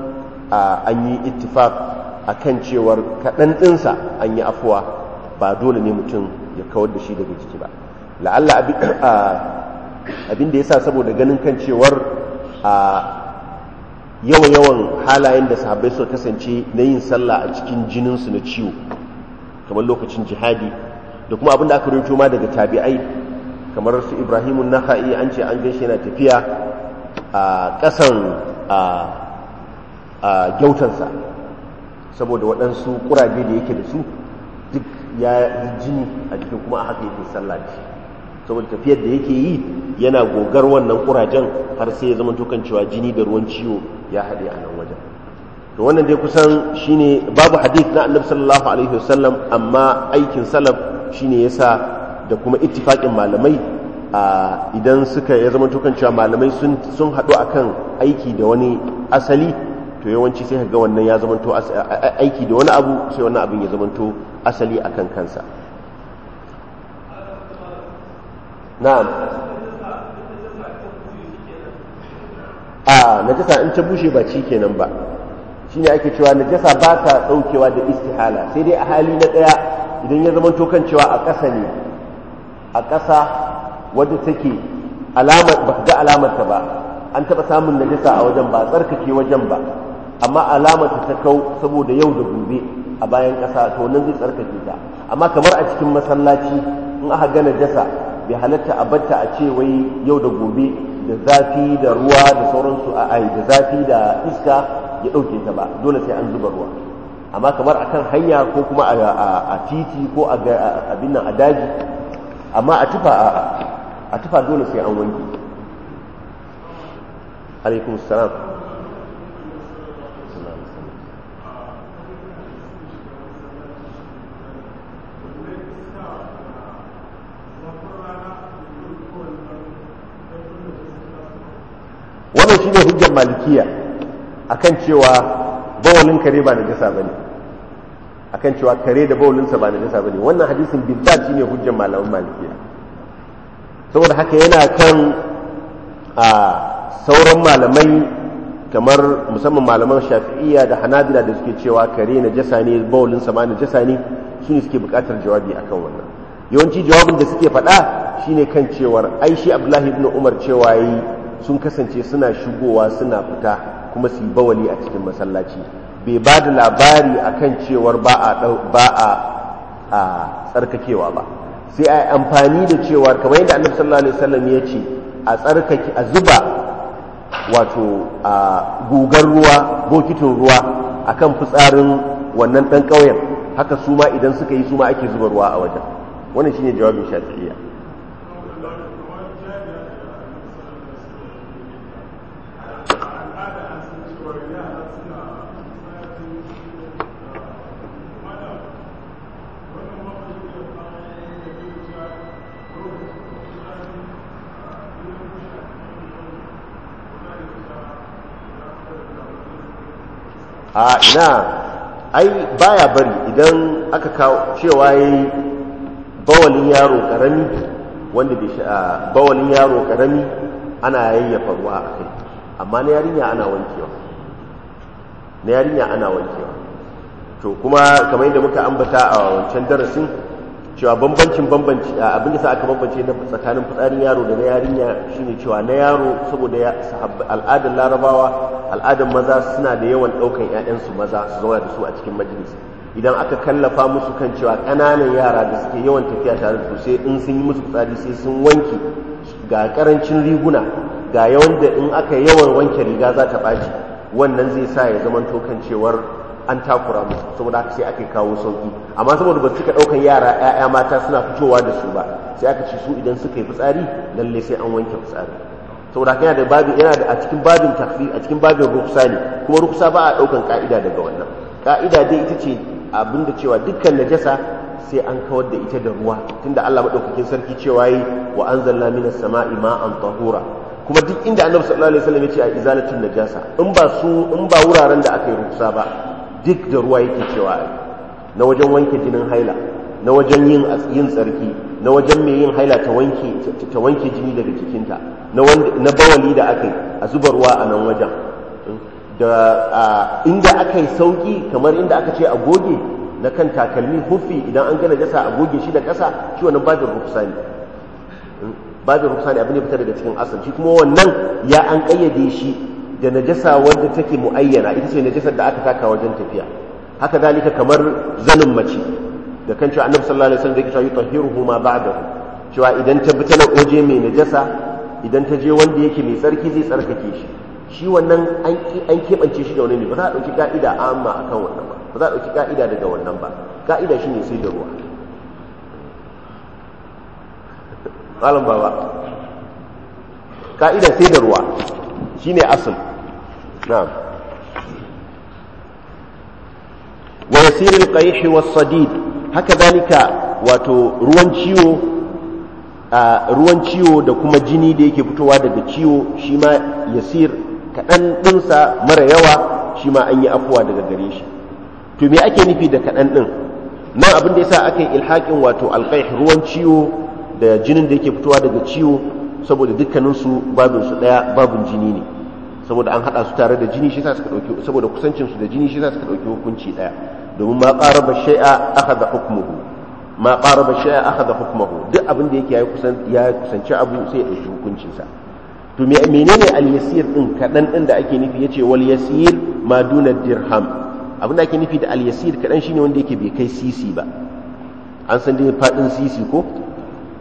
an yi ittifaq kan cewar kaɗan ɗinsa an yi afuwa ba dole ne mutum ya kawar da shi daga jiki ba la'alla abin da ya sa saboda ganin kan cewar yawan-yawan halayen da sahabbai suka kasance na yin sallah a cikin jininsu na ciwo kamar lokacin jihadi da kuma abin da aka rito ma daga tabi'ai kamar su ibrahimun naha'i an ce an gan shi yana tafiya a ƙasan a gyautansa saboda waɗansu ƙurabe da yake da su duk ya yi jini a jikin kuma a haka yake sallah saboda tafiyar da yake yi yana gogar wannan kurajen har sai ya zama tukan cewa jini da ruwan ciwo ya haɗe a nan wajen to wannan dai kusan shine babu hadith na annabi sallallahu alaihi wasallam amma aikin salaf shine yasa da kuma ittifaqin malamai a idan suka ya zama tukan cewa malamai sun sun haɗu akan aiki da wani asali to yawanci sai ga wannan ya zamanto aiki da wani abu sai wannan abin ya zamanto asali akan kansa na'am a najasa in ta bushe ba ci nan ba shi shine ake cewa najasa ba ta daukewa da istihala sai dai a hali na daya idan ya zamanto kan cewa a ƙasa ne a ƙasa wadda take alamar ba ga alamar ta ba an taɓa samun najasa a wajen ba tsarkake wajen ba amma alamata ta kau saboda yau da gobe a bayan ƙasa to nan zai tsarkake ta amma kamar a cikin masallaci in aka gana jasa bai halatta a batta a ce wai yau da gobe da zafi da ruwa da sauransu a ai da zafi da iska ya ɗauke ta ba dole sai an zuba ruwa amma kamar a kan hanya ko kuma a titi ko a abin nan a daji amma a tufa a tufa dole sai an wanke alaikum salam malikiya akan cewa bawalin kare ba najasa bane akan cewa kare da bawalinsa ba najasa bane wannan hadisin bilta shine hujjar malamin malikiya saboda haka yana kan a sauran malamai kamar musamman malaman shafi'iyya da hanabila da suke cewa kare najasa ne bawalinsa na najasa ne su ne suke bukatar jawabi akan wannan yawanci jawabin da suke faɗa shine kan cewar aishi abdullahi ibn umar cewa yi sun kasance suna shigowa suna fita kuma su yi bawali a cikin masallaci bai ba da labari a kan cewar ba a tsarkakewa ba sai a yi amfani da cewa kamar yadda annabi sallallahu alaihi wasallam ya ce a tsarkake a zuba wato a gugar ruwa bokitin ruwa akan fitsarin wannan dan ƙauyen haka su ma idan suka yi su ma ake zuba ruwa a wajen wannan shine jawabin shafi'iyya a ina ai baya bari idan aka kawo cewa yi bawalin yaro karami wanda bai sha bawalin yaro karami ana yayyafa ruwa a kai amma na yarinya ana wankewa na yarinya ana wankewa to kuma kamar yadda muka ambata a wancan darasin cewa bambancin bambanci abin da sa aka bambance na tsakanin fitsarin yaro da na yarinya shine cewa na yaro saboda al'adar larabawa al'adar maza suna da yawan ɗaukan 'ya'yansu maza su zauna da su a cikin majalis idan aka kallafa musu kan cewa kananan yara da suke yawan tafiya tare da su in sun yi musu fitsari sai sun wanke ga ƙarancin riguna ga yawan da in aka yawan wanke riga za ta ɓaci wannan zai sa ya zama tokancewar. an takura mu saboda sai aka kawo sauki amma saboda ba cika daukan yara ƴaƴa mata suna fitowa da su ba sai aka ce su idan suka yi fitsari lalle sai an wanke fitsari saboda yana da babin yana da a cikin babin takfi a cikin babin ruksa ne kuma ruksa ba a daukan ka'ida daga wannan ka'ida dai ita ce abinda cewa dukkan najasa sai an kawar da ita da ruwa tunda Allah madaukakin sarki cewa yi wa anzalna minas sama'i ma'an tahura kuma duk inda annabi sallallahu alaihi wasallam ya ce a izalatin najasa in ba su in ba wuraren da aka yi ruksa ba duk da ruwa yake cewa na wajen wanke jinin haila na wajen yin yin tsarki na wajen mai yin haila ta wanke ta wanke jini daga jikinta na wanda na bawali da akai a zuba ruwa a nan wajen da inda akai sauki kamar inda aka ce a goge na kan takalmi hufi idan an gana jasa a goge shi da kasa shi wannan babin rufsa ne babin rufsa ne abin da fita daga cikin asalci. kuma wannan ya an kayyade shi da najasa wanda take muayyana ita ce najasar da aka taka wajen tafiya haka dalika kamar zanin mace da kan cewa annabi sallallahu alaihi wasallam yake cewa yutahhiruhu ma ba'dahu cewa idan ta bi ta na oje mai najasa idan ta je wanda yake mai tsarki zai tsarkake shi shi wannan an keɓance shi da wani ne ba za a ɗauki ka'ida amma akan wannan ba ba za a ɗauki ka'ida daga wannan ba ka'ida shi ne sai da ruwa malam baba ka'ida sai da ruwa shine asali na'am wa yasirul qayhi was sadid haka zalika wato ruwan ciwo ruwan ciwo da kuma jini da yake fitowa daga ciwo shi yasir kaɗan ɗinsa mara yawa shima ma an yi afuwa daga gare shi to me ake nufi da kaɗan ɗin nan abin da ya sa aka yi ilhakin wato alƙai ruwan ciwo da jinin da yake fitowa daga ciwo saboda dukkaninsu babinsu ɗaya babin jini ne saboda an hada su tare da jini shi suka ɗauki saboda kusancin su da jini shi suka ɗauki hukunci daya domin ma qaraba shay'a da hukmuhu ma qaraba shay'a da hukmuhu duk abin da yake yayi kusan ya kusanci abu sai ya ɗauki hukuncin sa to menene al-yasir din kadan din da ake nufi yace wal yasir ma duna dirham abin da ake nufi da al-yasir kadan shine wanda yake bai kai sisi ba an san dai fadin sisi ko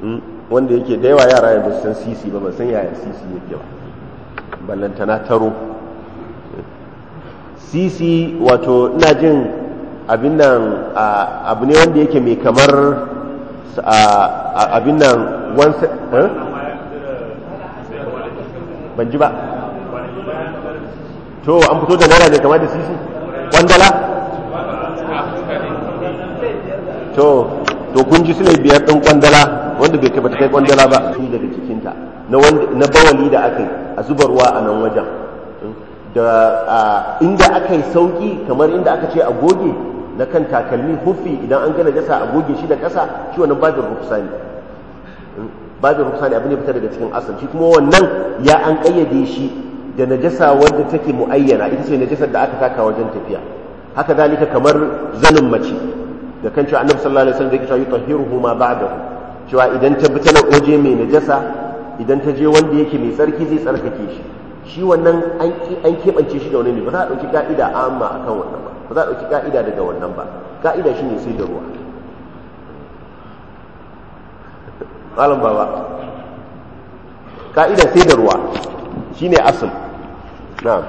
hmm? wanda yake da yawa yara yanzu san sisi ba ba san yaya sisi yake ba ballantana taro sisi wato ina jin abin nan abu ne wanda yake mai kamar abin nan wansa eh? ban ji ba to an fito da naira ne kamar da sisi kwandala to to kun ji su ne biyar ɗin kwandala wanda bai kai kwandala ba su daga cikinta na bawali da aka yi a zubarwa a nan wajen da inda aka yi sauki kamar inda aka ce a goge na kan takalmi hufi idan an gana jasa a goge shi da ƙasa shi wannan babin rufsa ne babin rufsa ne abin da fita daga cikin asal kuma wannan ya an ƙayyade shi da najasa wadda take mu'ayyana ita ce najasar da aka taka wajen tafiya haka zalika kamar zanin mace da kan cewa annabi sallallahu alaihi wasallam zai cewa yutahhiruhu ma ba'dahu cewa idan ta bi ta waje mai najasa idan ta je wanda yake mai tsarki zai tsarkake shi shi wannan an keɓance shi da wani ne ba za a ɗauki ka'ida amma a kan wannan ba ba za a ɗauki ka'ida daga wannan ba ka'ida shi ne sai da ruwa malam ba ka'ida sai da ruwa shi ne asal na'am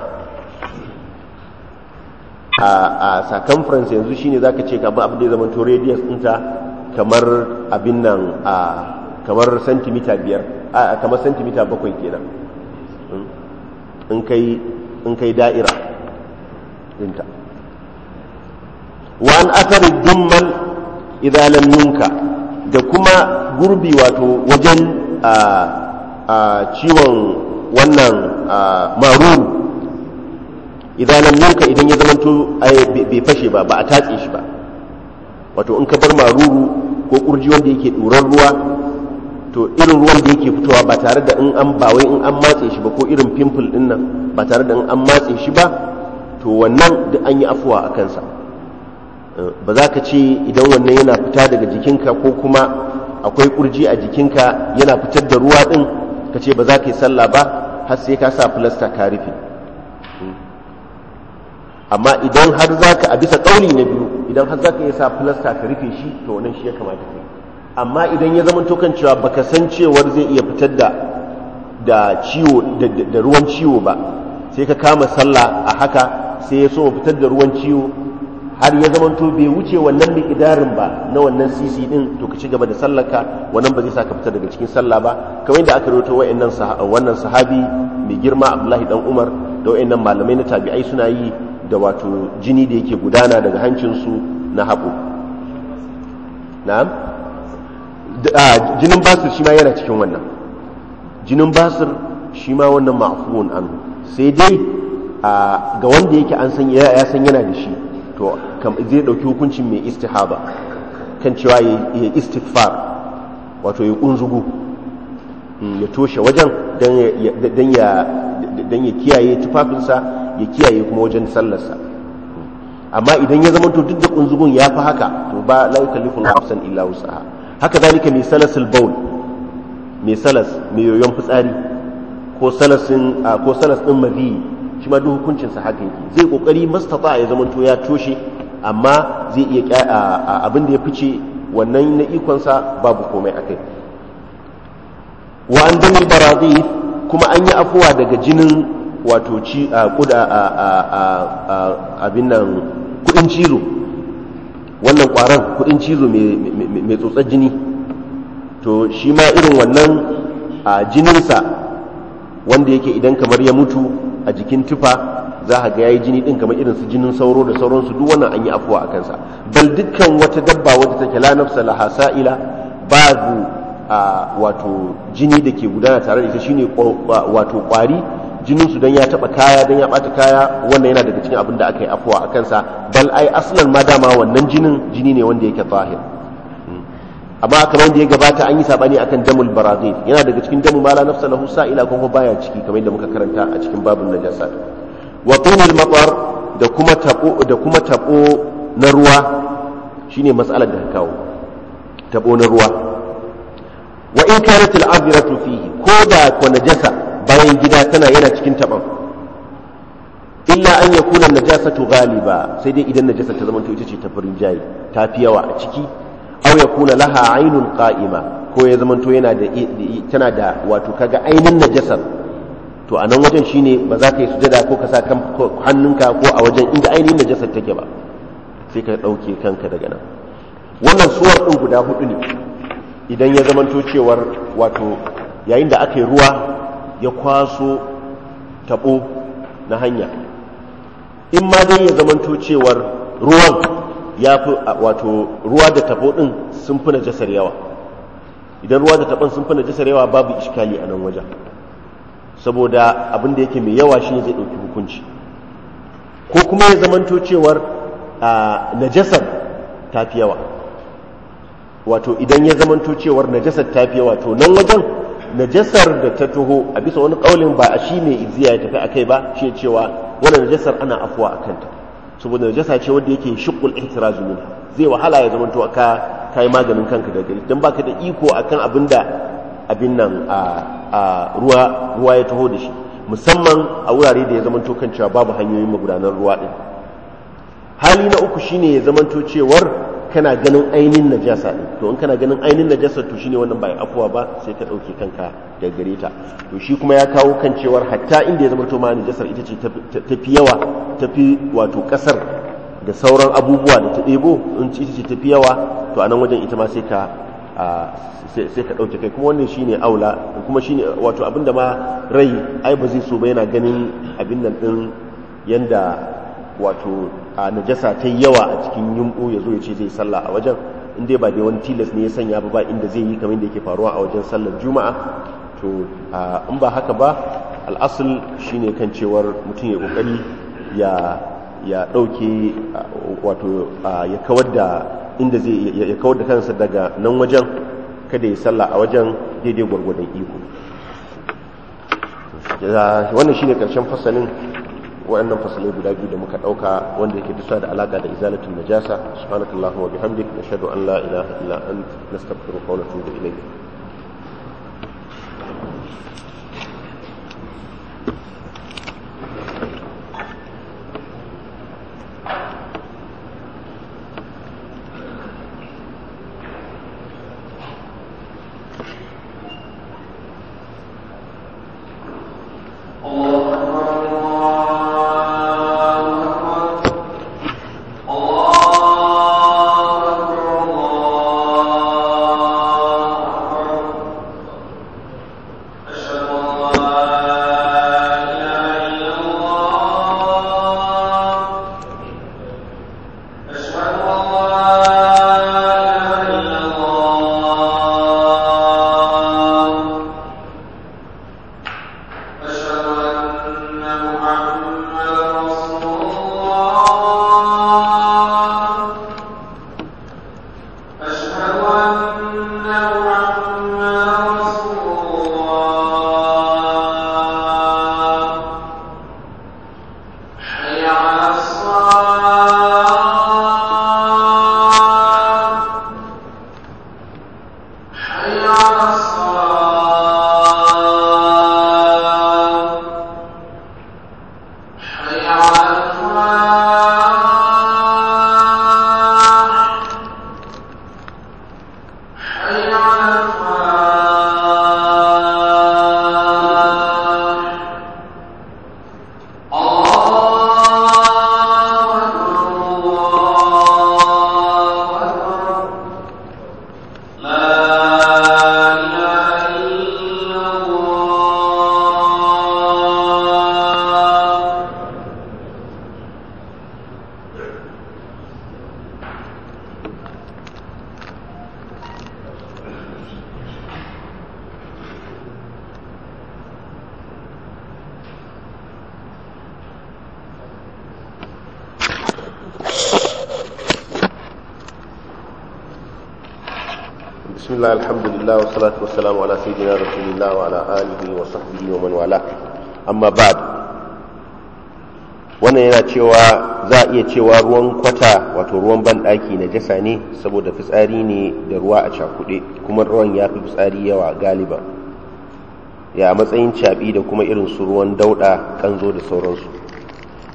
a circumference yanzu shi ne za ka ce kamar abin da ya zamanto radius ɗinta kamar abin nan a kamar santimita biyar a kamar santimita bakwai kenan hmm? in kai da'ira dinta wa an akari dummal idalan yunka da kuma gurbi wato wajen ciwon wannan maruru idalan yunka idan ya zamanto bai fashe ba ba a tatse shi ba wato in ka bar maruru ko kurji wanda yake ɗorar ruwa to irin ruwan da yake fitowa ba tare da in an ba wai in an matse shi ba ko irin pimple din nan ba tare da in an matse shi ba to wannan duk an yi afuwa a kansa eh, ba za ka ce idan wannan yana fita daga jikinka ko kuma akwai kurji a jikinka yana fitar da ruwa din ka ce ba za ka yi sallah ba har sai ka sa filasta ka rufe hmm. amma idan har za ka a bisa ƙauri na biyu idan har za ka iya sa filasta ka rufe shi to wannan shi ya kamata amma idan ya zama tokan cewa baka san cewar zai iya fitar da ciwo da ruwan ciwo ba sai ka kama sallah a haka sai ya so fitar da ruwan ciwo har ya zama to bai wuce wannan idarin ba na wannan sisi din to ka ci gaba da sallaka wannan ba zai sa ka fita daga cikin sallah ba kamar da aka rawaito wayannan wannan sahabi mai girma Abdullahi dan Umar da wayannan malamai na tabi'ai suna yi da wato jini da yake gudana daga hancin su na haƙo na'am Ah, jinin basir shi ma yana cikin wannan jinin basir shi ma wannan ma'afuwan an sai dai ah, ga wanda yake an san ya san yana da shi to zai ɗauki hukuncin mai istihaba kan cewa ya istighfar wato ya kunzugu hmm, ya toshe wajen don ya kiyaye tufafinsa ya kiyaye kuma wajen sallarsa amma idan ya zama to duk da kunzugun ya fi haka to ba la yukallifun nafsan illa wusaha haka zalika mai salasul baul mai salas mai yoyon fitsari ko salasin ko salas din mabi shi ma duk hukuncin sa haka yake zai kokari mustafa ya zama to ya toshe amma zai iya abin da ya fice wannan na ikon sa babu komai akai wa an baradi kuma an yi afuwa daga jinin wato ci a kuda kudin ciro wannan kwaron kudin cizo mai tsotsar jini to shi ma irin wannan a jininsa wanda yake idan kamar ya mutu a jikin tufa za a ga ya yi jini din kamar irin su jinin sauro da sauransu duk wannan an yi afuwa a kansa bal dukkan wata dabba wadda take la nafsa laha sa'ila babu wato jini da ke gudana tare da ita shine wato kwari jininsu don ya taɓa kaya don ya ɓata kaya wannan yana daga cikin abin da aka yi afuwa a kansa bal ai asalin ma dama wannan jinin jini ne wanda yake zahir hmm. amma kamar da ya gabata an yi sabani akan damul baradin yana daga cikin damu mala nafsa lahu sa'ila kuma baya ciki kamar yadda muka karanta a cikin babun najasa wa tunil matar da kuma tabo da kuma tabo na ruwa shine mas'alar da ka kawo tabo na ruwa wa in kanat azratu fihi ko da ko najasa bayan gida tana yana cikin taɓon illa an ya kuna najasa to galiba sai dai idan najasa ta zama ita ce ta farin jayi ta fi yawa a ciki aw ya kuna laha ainun qa'ima ko ya zama to yana da tana da wato kaga ainin najasar to a nan wajen shine ba za ka yi sujada ko ka sa hannunka ko a wajen inda ainihin najasar take ba sai ka ɗauke kanka daga nan wannan suwar ɗin guda hudu ne idan ya to cewar wato yayin da aka yi ruwa ya kwaso taɓo na hanya in ma dai ya zamanto cewar ruwan ya fi wato ruwa da taɓo ɗin sun fi na jasar yawa idan ruwa da taɓon sun fi na jasar yawa babu iskali a nan wajen saboda abin da yake mai yawa shi ne zai ɗauki hukunci ko kuma ya zamanto cewar najasar ta fi yawa wato idan ya zamanto cewar najasar ta fi yawa to nan wajen najasar da ta taho a bisa wani kaulin ba a shi ne iziya ya tafi a kai ba shi cewa wani najasar ana afuwa a kanta saboda najasa ce wanda yake shiqqul ihtiraz minha zai wahala ya zama to ka kai maganin kanka da gari dan baka da iko akan abinda abin nan a ruwa ruwa ya taho da shi musamman a wurare da ya zama to kan cewa babu hanyoyin magudanar ruwa din hali na uku shine ya zama to cewar kana ganin ainihin najasa ɗin to in kana ganin ainihin najasa to shine wannan bai afuwa ba sai ka ɗauke kanka da gare ta to shi kuma ya kawo kan cewar hatta inda ya zama to ma najasar ita ce ta fi yawa tafi wato kasar da sauran abubuwa da ta ɗebo in ita ce tafi yawa to anan wajen ita ma sai ka sai ka ɗauke kai kuma wannan shine aula kuma shine wato abin da ma rai ai ba zai so ba yana ganin abin nan ɗin yanda wato a najasa ta yawa a cikin yumbu ya zo ya ce zai sallah a wajen in ba da wani tilas ne ya sanya ba ba inda zai yi kamar da yake faruwa a wajen sallar juma'a to in ba haka ba al'asul ne kan cewar mutum ya kokari ya ya dauke wato ya kawar da inda zai ya kawar da kansa daga nan wajen kada ya sallah a wajen daidai gwargwadon iko wannan shi ne karshen fasalin wa'annan fasalai guda biyu da muka dauka wanda yake dusa da alaka da izalatul najasa subhanakallahumma wa bihamdik nashhadu an la ilaha illa ant nastaghfiruka wa natubu ilayk alhamdulillah wa wassalamu ala sayyidina rasulillah wa ala alihi wa sahbihi wa man wala amma ba'd wannan yana cewa za a iya cewa ruwan kwata wato ruwan banɗaki na jasa ne saboda fitsari ne da ruwa a cakuɗe kuma ruwan ya fi fitsari yawa galiba ya matsayin caɓi da kuma irin su ruwan dauɗa kanzo da sauransu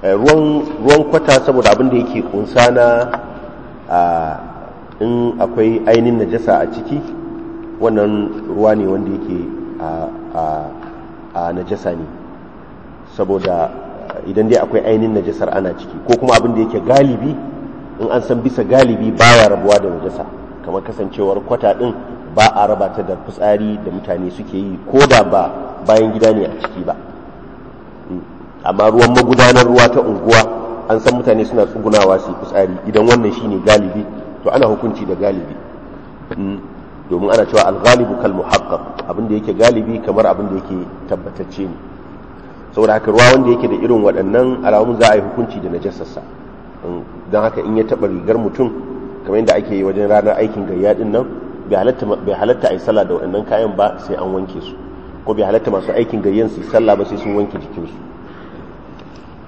eh, ruwan kwata saboda abin da yake kunsa na ah, in akwai ainihin najasa a ciki wannan ruwa ne wanda yake a najasa ne saboda idan dai akwai ainihin najasar ana ciki ko kuma abin da yake galibi in an san bisa galibi baya rabuwa da najasa kamar kasancewar kwata din ba a raba ta da fitsari da mutane suke yi ko da ba bayan gida ne a ciki ba amma ruwan magudanar ruwa ta unguwa an san mutane suna tsugunawa su yi fitsari idan wannan shi ne galibi to ana hukunci da galibi hmm. domin ana cewa al-ghalibu kal muhaqqaq abin da yake galibi kamar abin da yake tabbatacce ne saboda haka ruwa wanda yake da irin waɗannan alamu za a yi hukunci da najasarsa don haka in ya taɓa rigar mutum kamar yadda ake yi wajen ranar aikin gayya din nan bai halatta a yi sallah da waɗannan kayan ba sai an wanke su ko bai halatta masu aikin gayyan su sallah ba sai sun wanke jikinsu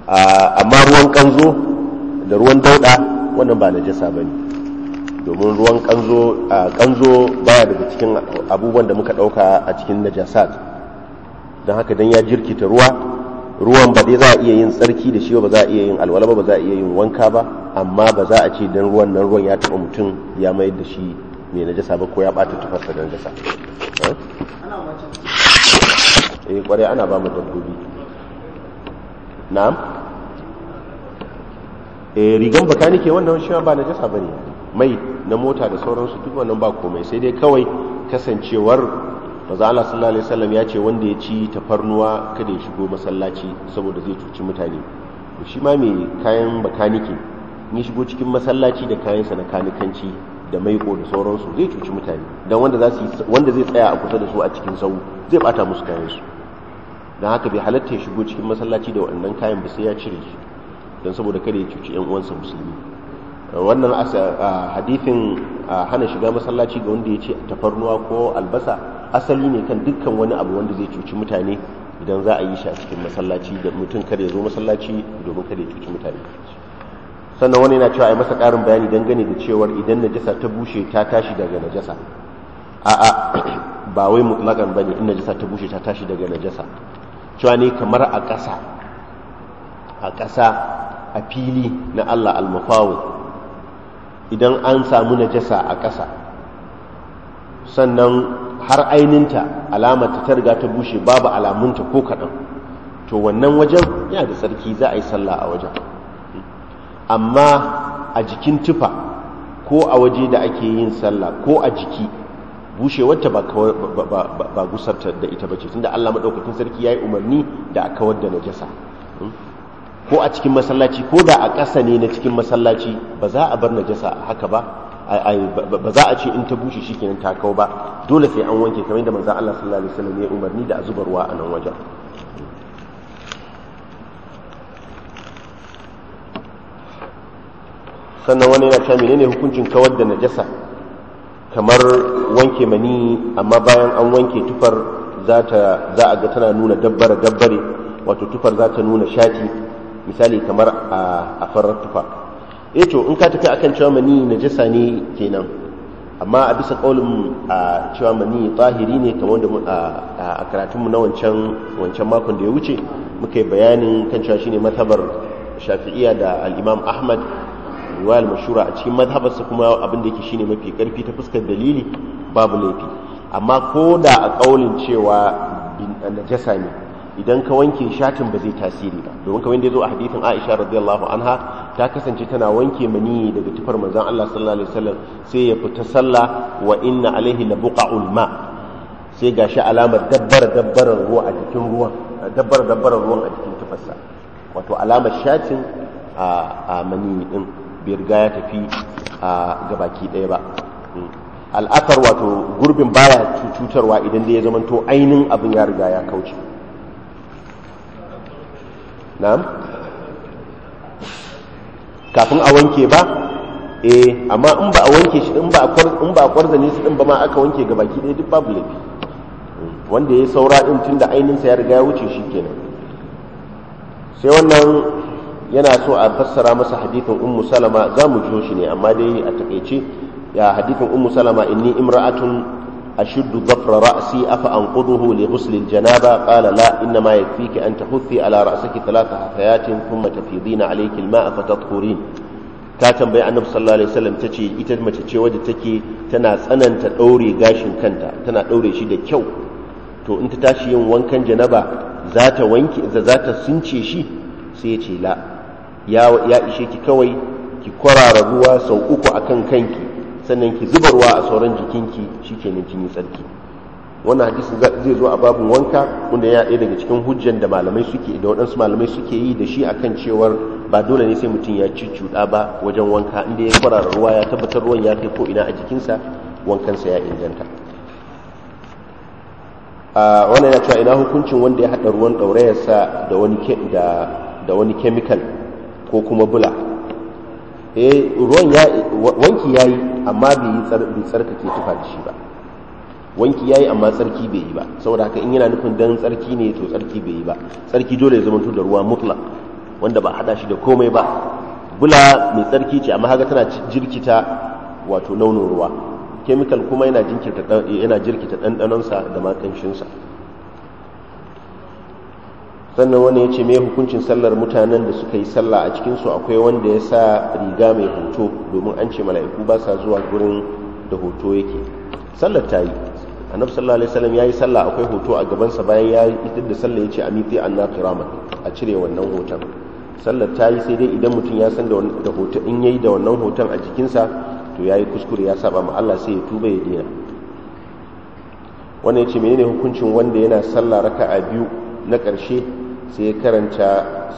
ah, amma ruwan kanzo da ruwan dauɗa wannan ba najasa ba ne domin ruwan kanzo a kanzo baya daga cikin abubuwan da muka dauka a cikin najasat don haka don ya jirkita ruwa ruwan ba dai za a iya yin tsarki da shi ba za a iya yin alwala ba za a iya yin wanka ba amma ba za a ce don ruwan nan ruwan ya taba mutum ya mayar da shi mai najasa ba ko ya bata tufar da najasa eh kware eh, ana ba mu dabbobi na'am eh rigan baka nake wannan shi ba najasa bane mai na mota da sauransu duk wannan ba komai sai dai kawai kasancewar maza Allah sallallahu alaihi wasallam ya ce wanda ya ci tafarnuwa kada ya shigo masallaci saboda zai cuci mutane to shi ma mai kayan bakanike in shigo cikin masallaci da kayansa na kanikanci da ko da sauransu zai cuci mutane dan wanda za su wanda zai tsaya a kusa da su a cikin sau zai bata musu kayansu dan haka bai halatta ya shigo cikin masallaci da wannan kayan ba sai ya cire shi, dan saboda kada ya cuci ƴan uwansa musulmi wannan hadithin hana shiga masallaci ga wanda ya ce tafarnuwa ko albasa asali ne kan dukkan wani abu wanda zai cuci mutane idan za a yi shi a cikin masallaci da mutum kada ya zo masallaci domin kada ya cuci mutane sannan wani yana cewa a yi masa ƙarin bayani dangane da cewar idan najasa ta bushe ta tashi daga najasa a'a ba wai mutlakan bane in najasa ta bushe ta tashi daga najasa cewa ne kamar a ƙasa a fili na Allah al-mufawwid idan an samu najasa a ƙasa sannan har aininta alamar ta riga ta bushe babu alamunta ko kaɗan to wannan wajen ya da tsarki za a yi sallah a wajen amma a jikin tufa ko a waje da ake yin sallah ko a jiki bushe bushewarta ba gusarta da ita bace tunda Allah madaukakin sarki ya yi umarni da a kawar da najasa hmm? ko a cikin masallaci ko da a ƙasa ne na cikin masallaci ba za a bar najasa haka ba ba za a ce in ta bushe shikenan ta kau ba dole sai an wanke kamar da manzon Allah sallallahu alaihi wasallam ya umarni da a zuba ruwa a nan wajen sannan wani yana cewa ne hukuncin kawar da najasa kamar wanke mani amma bayan an wanke tufar za a ga tana nuna dabbare dabbare wato tufar za ta nuna shati misali kamar a farar tufa eh to in ka tafi akan cewa mani najasa ne kenan amma a bisa kaulin a cewa mani tahiri ne kamar da a karatunmu na wancan makon da ya wuce muka yi bayanin kan cewa shine matabar Shafi'iyya da al'imam Ahmad riwaya mashura a cikin madhabarsa kuma abin da yake shine mafi karfi ta fuskar dalili babu laifi amma ko da a kaulin cewa najasa ne idan ka wanke shatin ba zai tasiri ba domin kawai da ya zo a hadithin aisha radiyallahu anha ta kasance tana wanke mani daga tufar mazan allah sallallahu alaihi wasallam sai ya fita sallah wa inna alaihi la buqa'ul ma sai gashi alamar dabbar dabbaran ruwa a jikin ruwan dabbar a tufarsa wato alamar shatin a mani din bai riga ya tafi a gabaki daya ba hmm. al'asar wato gurbin baya cutarwa idan da ya zamanto ainihin abin ya riga ya kauce na'am kafin a wanke ba eh amma in ba a wanke shi in ba a zane su din ba ma aka wanke ga baki ɗaya duk babu laifi hmm, wanda ya saura din tunda da sa ya riga ya wuce shi kenan sai wannan yana so a fassara masa hadithin ummu salama za mu jo shi ne amma dai a takaice ya hadithin ummu salama inni imra'atun أشد ظفر رأسي أفأنقضه لغسل الجنابة قال لا إنما يكفيك أن تحثي على رأسك ثلاث حفيات ثم تفيضين عليك الماء فتطهرين ta tambayi annabi sallallahu alaihi wasallam tace ita mace ce wadda take tana tsananta daure gashin kanta tana daure shi da kyau to in ta tashi yin wankan janaba za ta za ta sunce shi sai ya ce la ya ya ishe ki kawai ki kwarara ruwa sau uku a kan kanki sannan ki zubarwa a sauran jikinki ke kin jini tsarki wannan hadisi zai zo a babin wanka wanda ya ɗaya daga cikin hujjan da malamai suke da waɗansu malamai suke yi da shi akan cewar ba dole ne sai mutum ya ci cuccuɗa ba wajen wanka inda ya kwarara ruwa ya tabbatar ruwan ya kai ko ina a jikinsa wankansa ya inganta a wannan ya cewa ina hukuncin wanda ya haɗa ruwan ɗaurayarsa da wani da ko kuma bula eh ruwan ya wanki yayi amma bai yi tsarkake tufa da shi ba wanki ya yi, amma tsarki bai yi ba saboda haka in yana nufin don tsarki ne to tsarki bai yi ba tsarki dole ya zama da ruwa mutla, wanda ba hada shi da komai ba bula mai tsarki ce amma haka tana jirkita wato launin ruwa chemical kuma yana jirkita ɗanɗanonsa da makanshinsa sannan wani ya ce mai hukuncin sallar mutanen da suka yi sallah a cikinsu akwai wanda ya sa riga mai hoto domin an ce mala'iku ba sa zuwa gurin da hoto yake sallar ta yi annabi sallallahu alaihi wasallam yayi sallah akwai hoto a gabansa bayan ya idan da sallah yace amiti anna qirama a cire wannan hoton sallar ta yi sai dai idan mutum ya san da hoton in yayi da wannan hoton a jikinsa to yayi kuskure ya saba ma Allah sai ya tuba ya dina wannan yace menene hukuncin wanda yana sallah raka'a biyu na ƙarshe sai ya karanta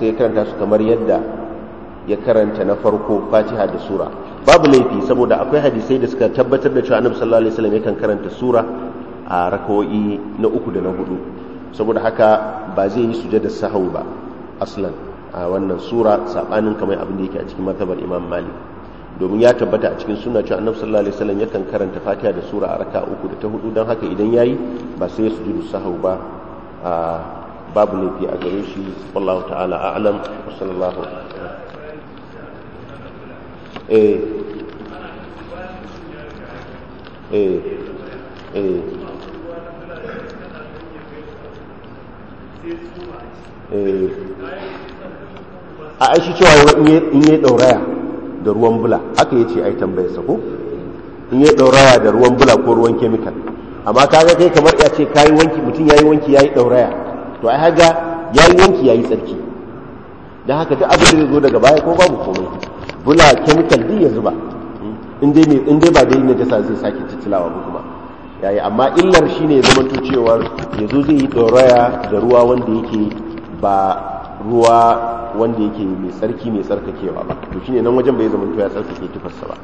su kamar yadda ya karanta na farko fatiha da sura babu laifi saboda akwai hadisai da suka tabbatar da cewa annabi sallallahu alaihi wasallam yakan karanta sura a rakawoyi na uku da na hudu saboda haka ba zai yi da sahau ba aslan a wannan sura sabanin kamar abin da yake a cikin matabar imam mali domin ya tabbata a cikin suna cewa annabi sallallahu alaihi wasallam yakan karanta fatiha da sura a raka uku da ta hudu dan haka idan yayi ba sai ya sujudu sahau ba babu laifi a gare shi wallahu ta'ala a'lam wa sallallahu eh eh eh eh a aishi cewa in yi ɗauraya da ruwan bula haka yi ce yi tambayar sako in yi ɗauraya da ruwan bula ko ruwan kemikal amma kaga kai kamar ya ce kayi wanki mutum ya yi wanki ya yi ɗauraya to ai haga yayi wanki yayi tsarki dan haka duk abin da zai zo daga baya ko babu komai bula chemical din ya zuba in dai in dai ba dai zai sake titilawa ba kuma yayi amma illar shine ya zamanto cewa yazo zai yi doraya da ruwa wanda yake ba ruwa wanda yake mai tsarki mai tsarkakewa ba to shine nan wajen bai to ya tsarkake tufarsa ba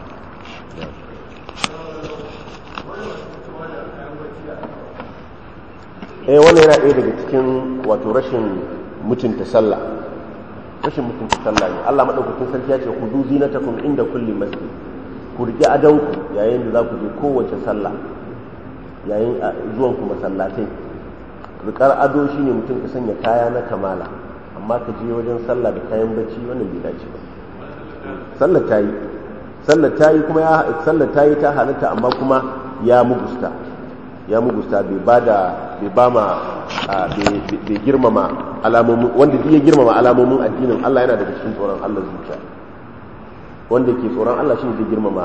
eh wannan yana ɗaya daga cikin wato rashin mutunta sallah rashin mutunta sallah ne Allah madaukakin sarki ya ce ku du zinatakum inda kulli masjid ku rike adanku yayin da za ku je kowace sallah yayin zuwan ku masallatai rikar ado shine mutum ka sanya kaya na kamala amma ka je wajen sallah da kayan bacci wannan bai dace ba sallah ta yi sallah ta kuma ya sallah tayi ta halatta amma kuma ya mugusta ya mugusta bai bada bai ma girmama alamomin wanda zai girmama alamomin addinin Allah yana daga cikin tsoron Allah zuciya wanda ke tsoron Allah ne zai girmama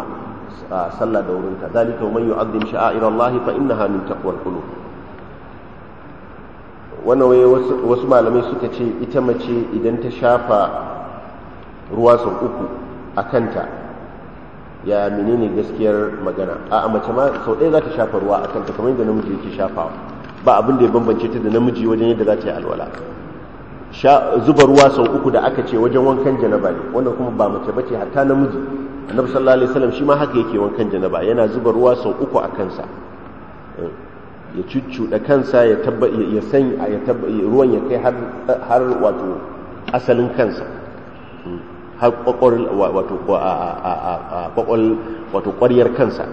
sallah da wurinta zalika man yu'azzim sha'air Allah fa innaha min taqwal qulub wannan waye wasu malamai suka ce ita mace idan ta shafa ruwa sau uku a kanta ya menene gaskiyar magana a mace ma sau ɗaya za ta shafa ruwa a kanta kamar yadda namiji yake shafawa ba abin da ya bambance ta da namiji wajen yadda za ta yi alwala zuba ruwa sau uku da aka ce wajen wankan janaba ne wannan kuma ba mace bace hatta namiji annabi sallallahu alaihi wasallam shi ma haka yake wankan janaba yana zuba ruwa sau uku a kansa eh, ya cuccuɗa kansa ya tabba ya san ruwan ya kai har wato asalin kansa hmm, har wato kwaryar kansa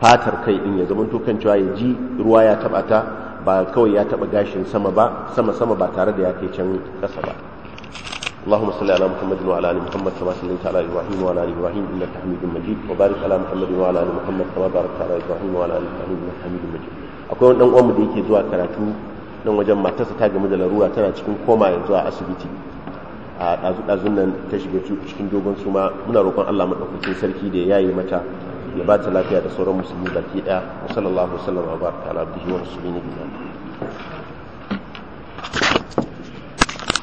fatar kai din ya zamanto kan cewa ya ji ruwa ya tabata. ba kawai ya taba gashin sama ba sama sama ba tare da ya kai can kasa ba اللهم صل على محمد وعلى ال محمد كما صليت على ابراهيم وعلى ال ابراهيم انك حميد مجيد وبارك على محمد وعلى ال محمد كما باركت على ابراهيم وعلى ال ابراهيم انك حميد مجيد akwai wani dan uwanmu da yake zuwa karatu dan wajen matarsa ta gamu da larura tana cikin koma yanzu a asibiti a dazu dazun nan ta shiga cikin dogon suma muna roƙon Allah maɗaukakin sarki da yayi mata ya ba ta lafiya da sauran musulmi baki daya wa sallallahu alaihi wa sallam wa baraka ala abdihi wa rasulihi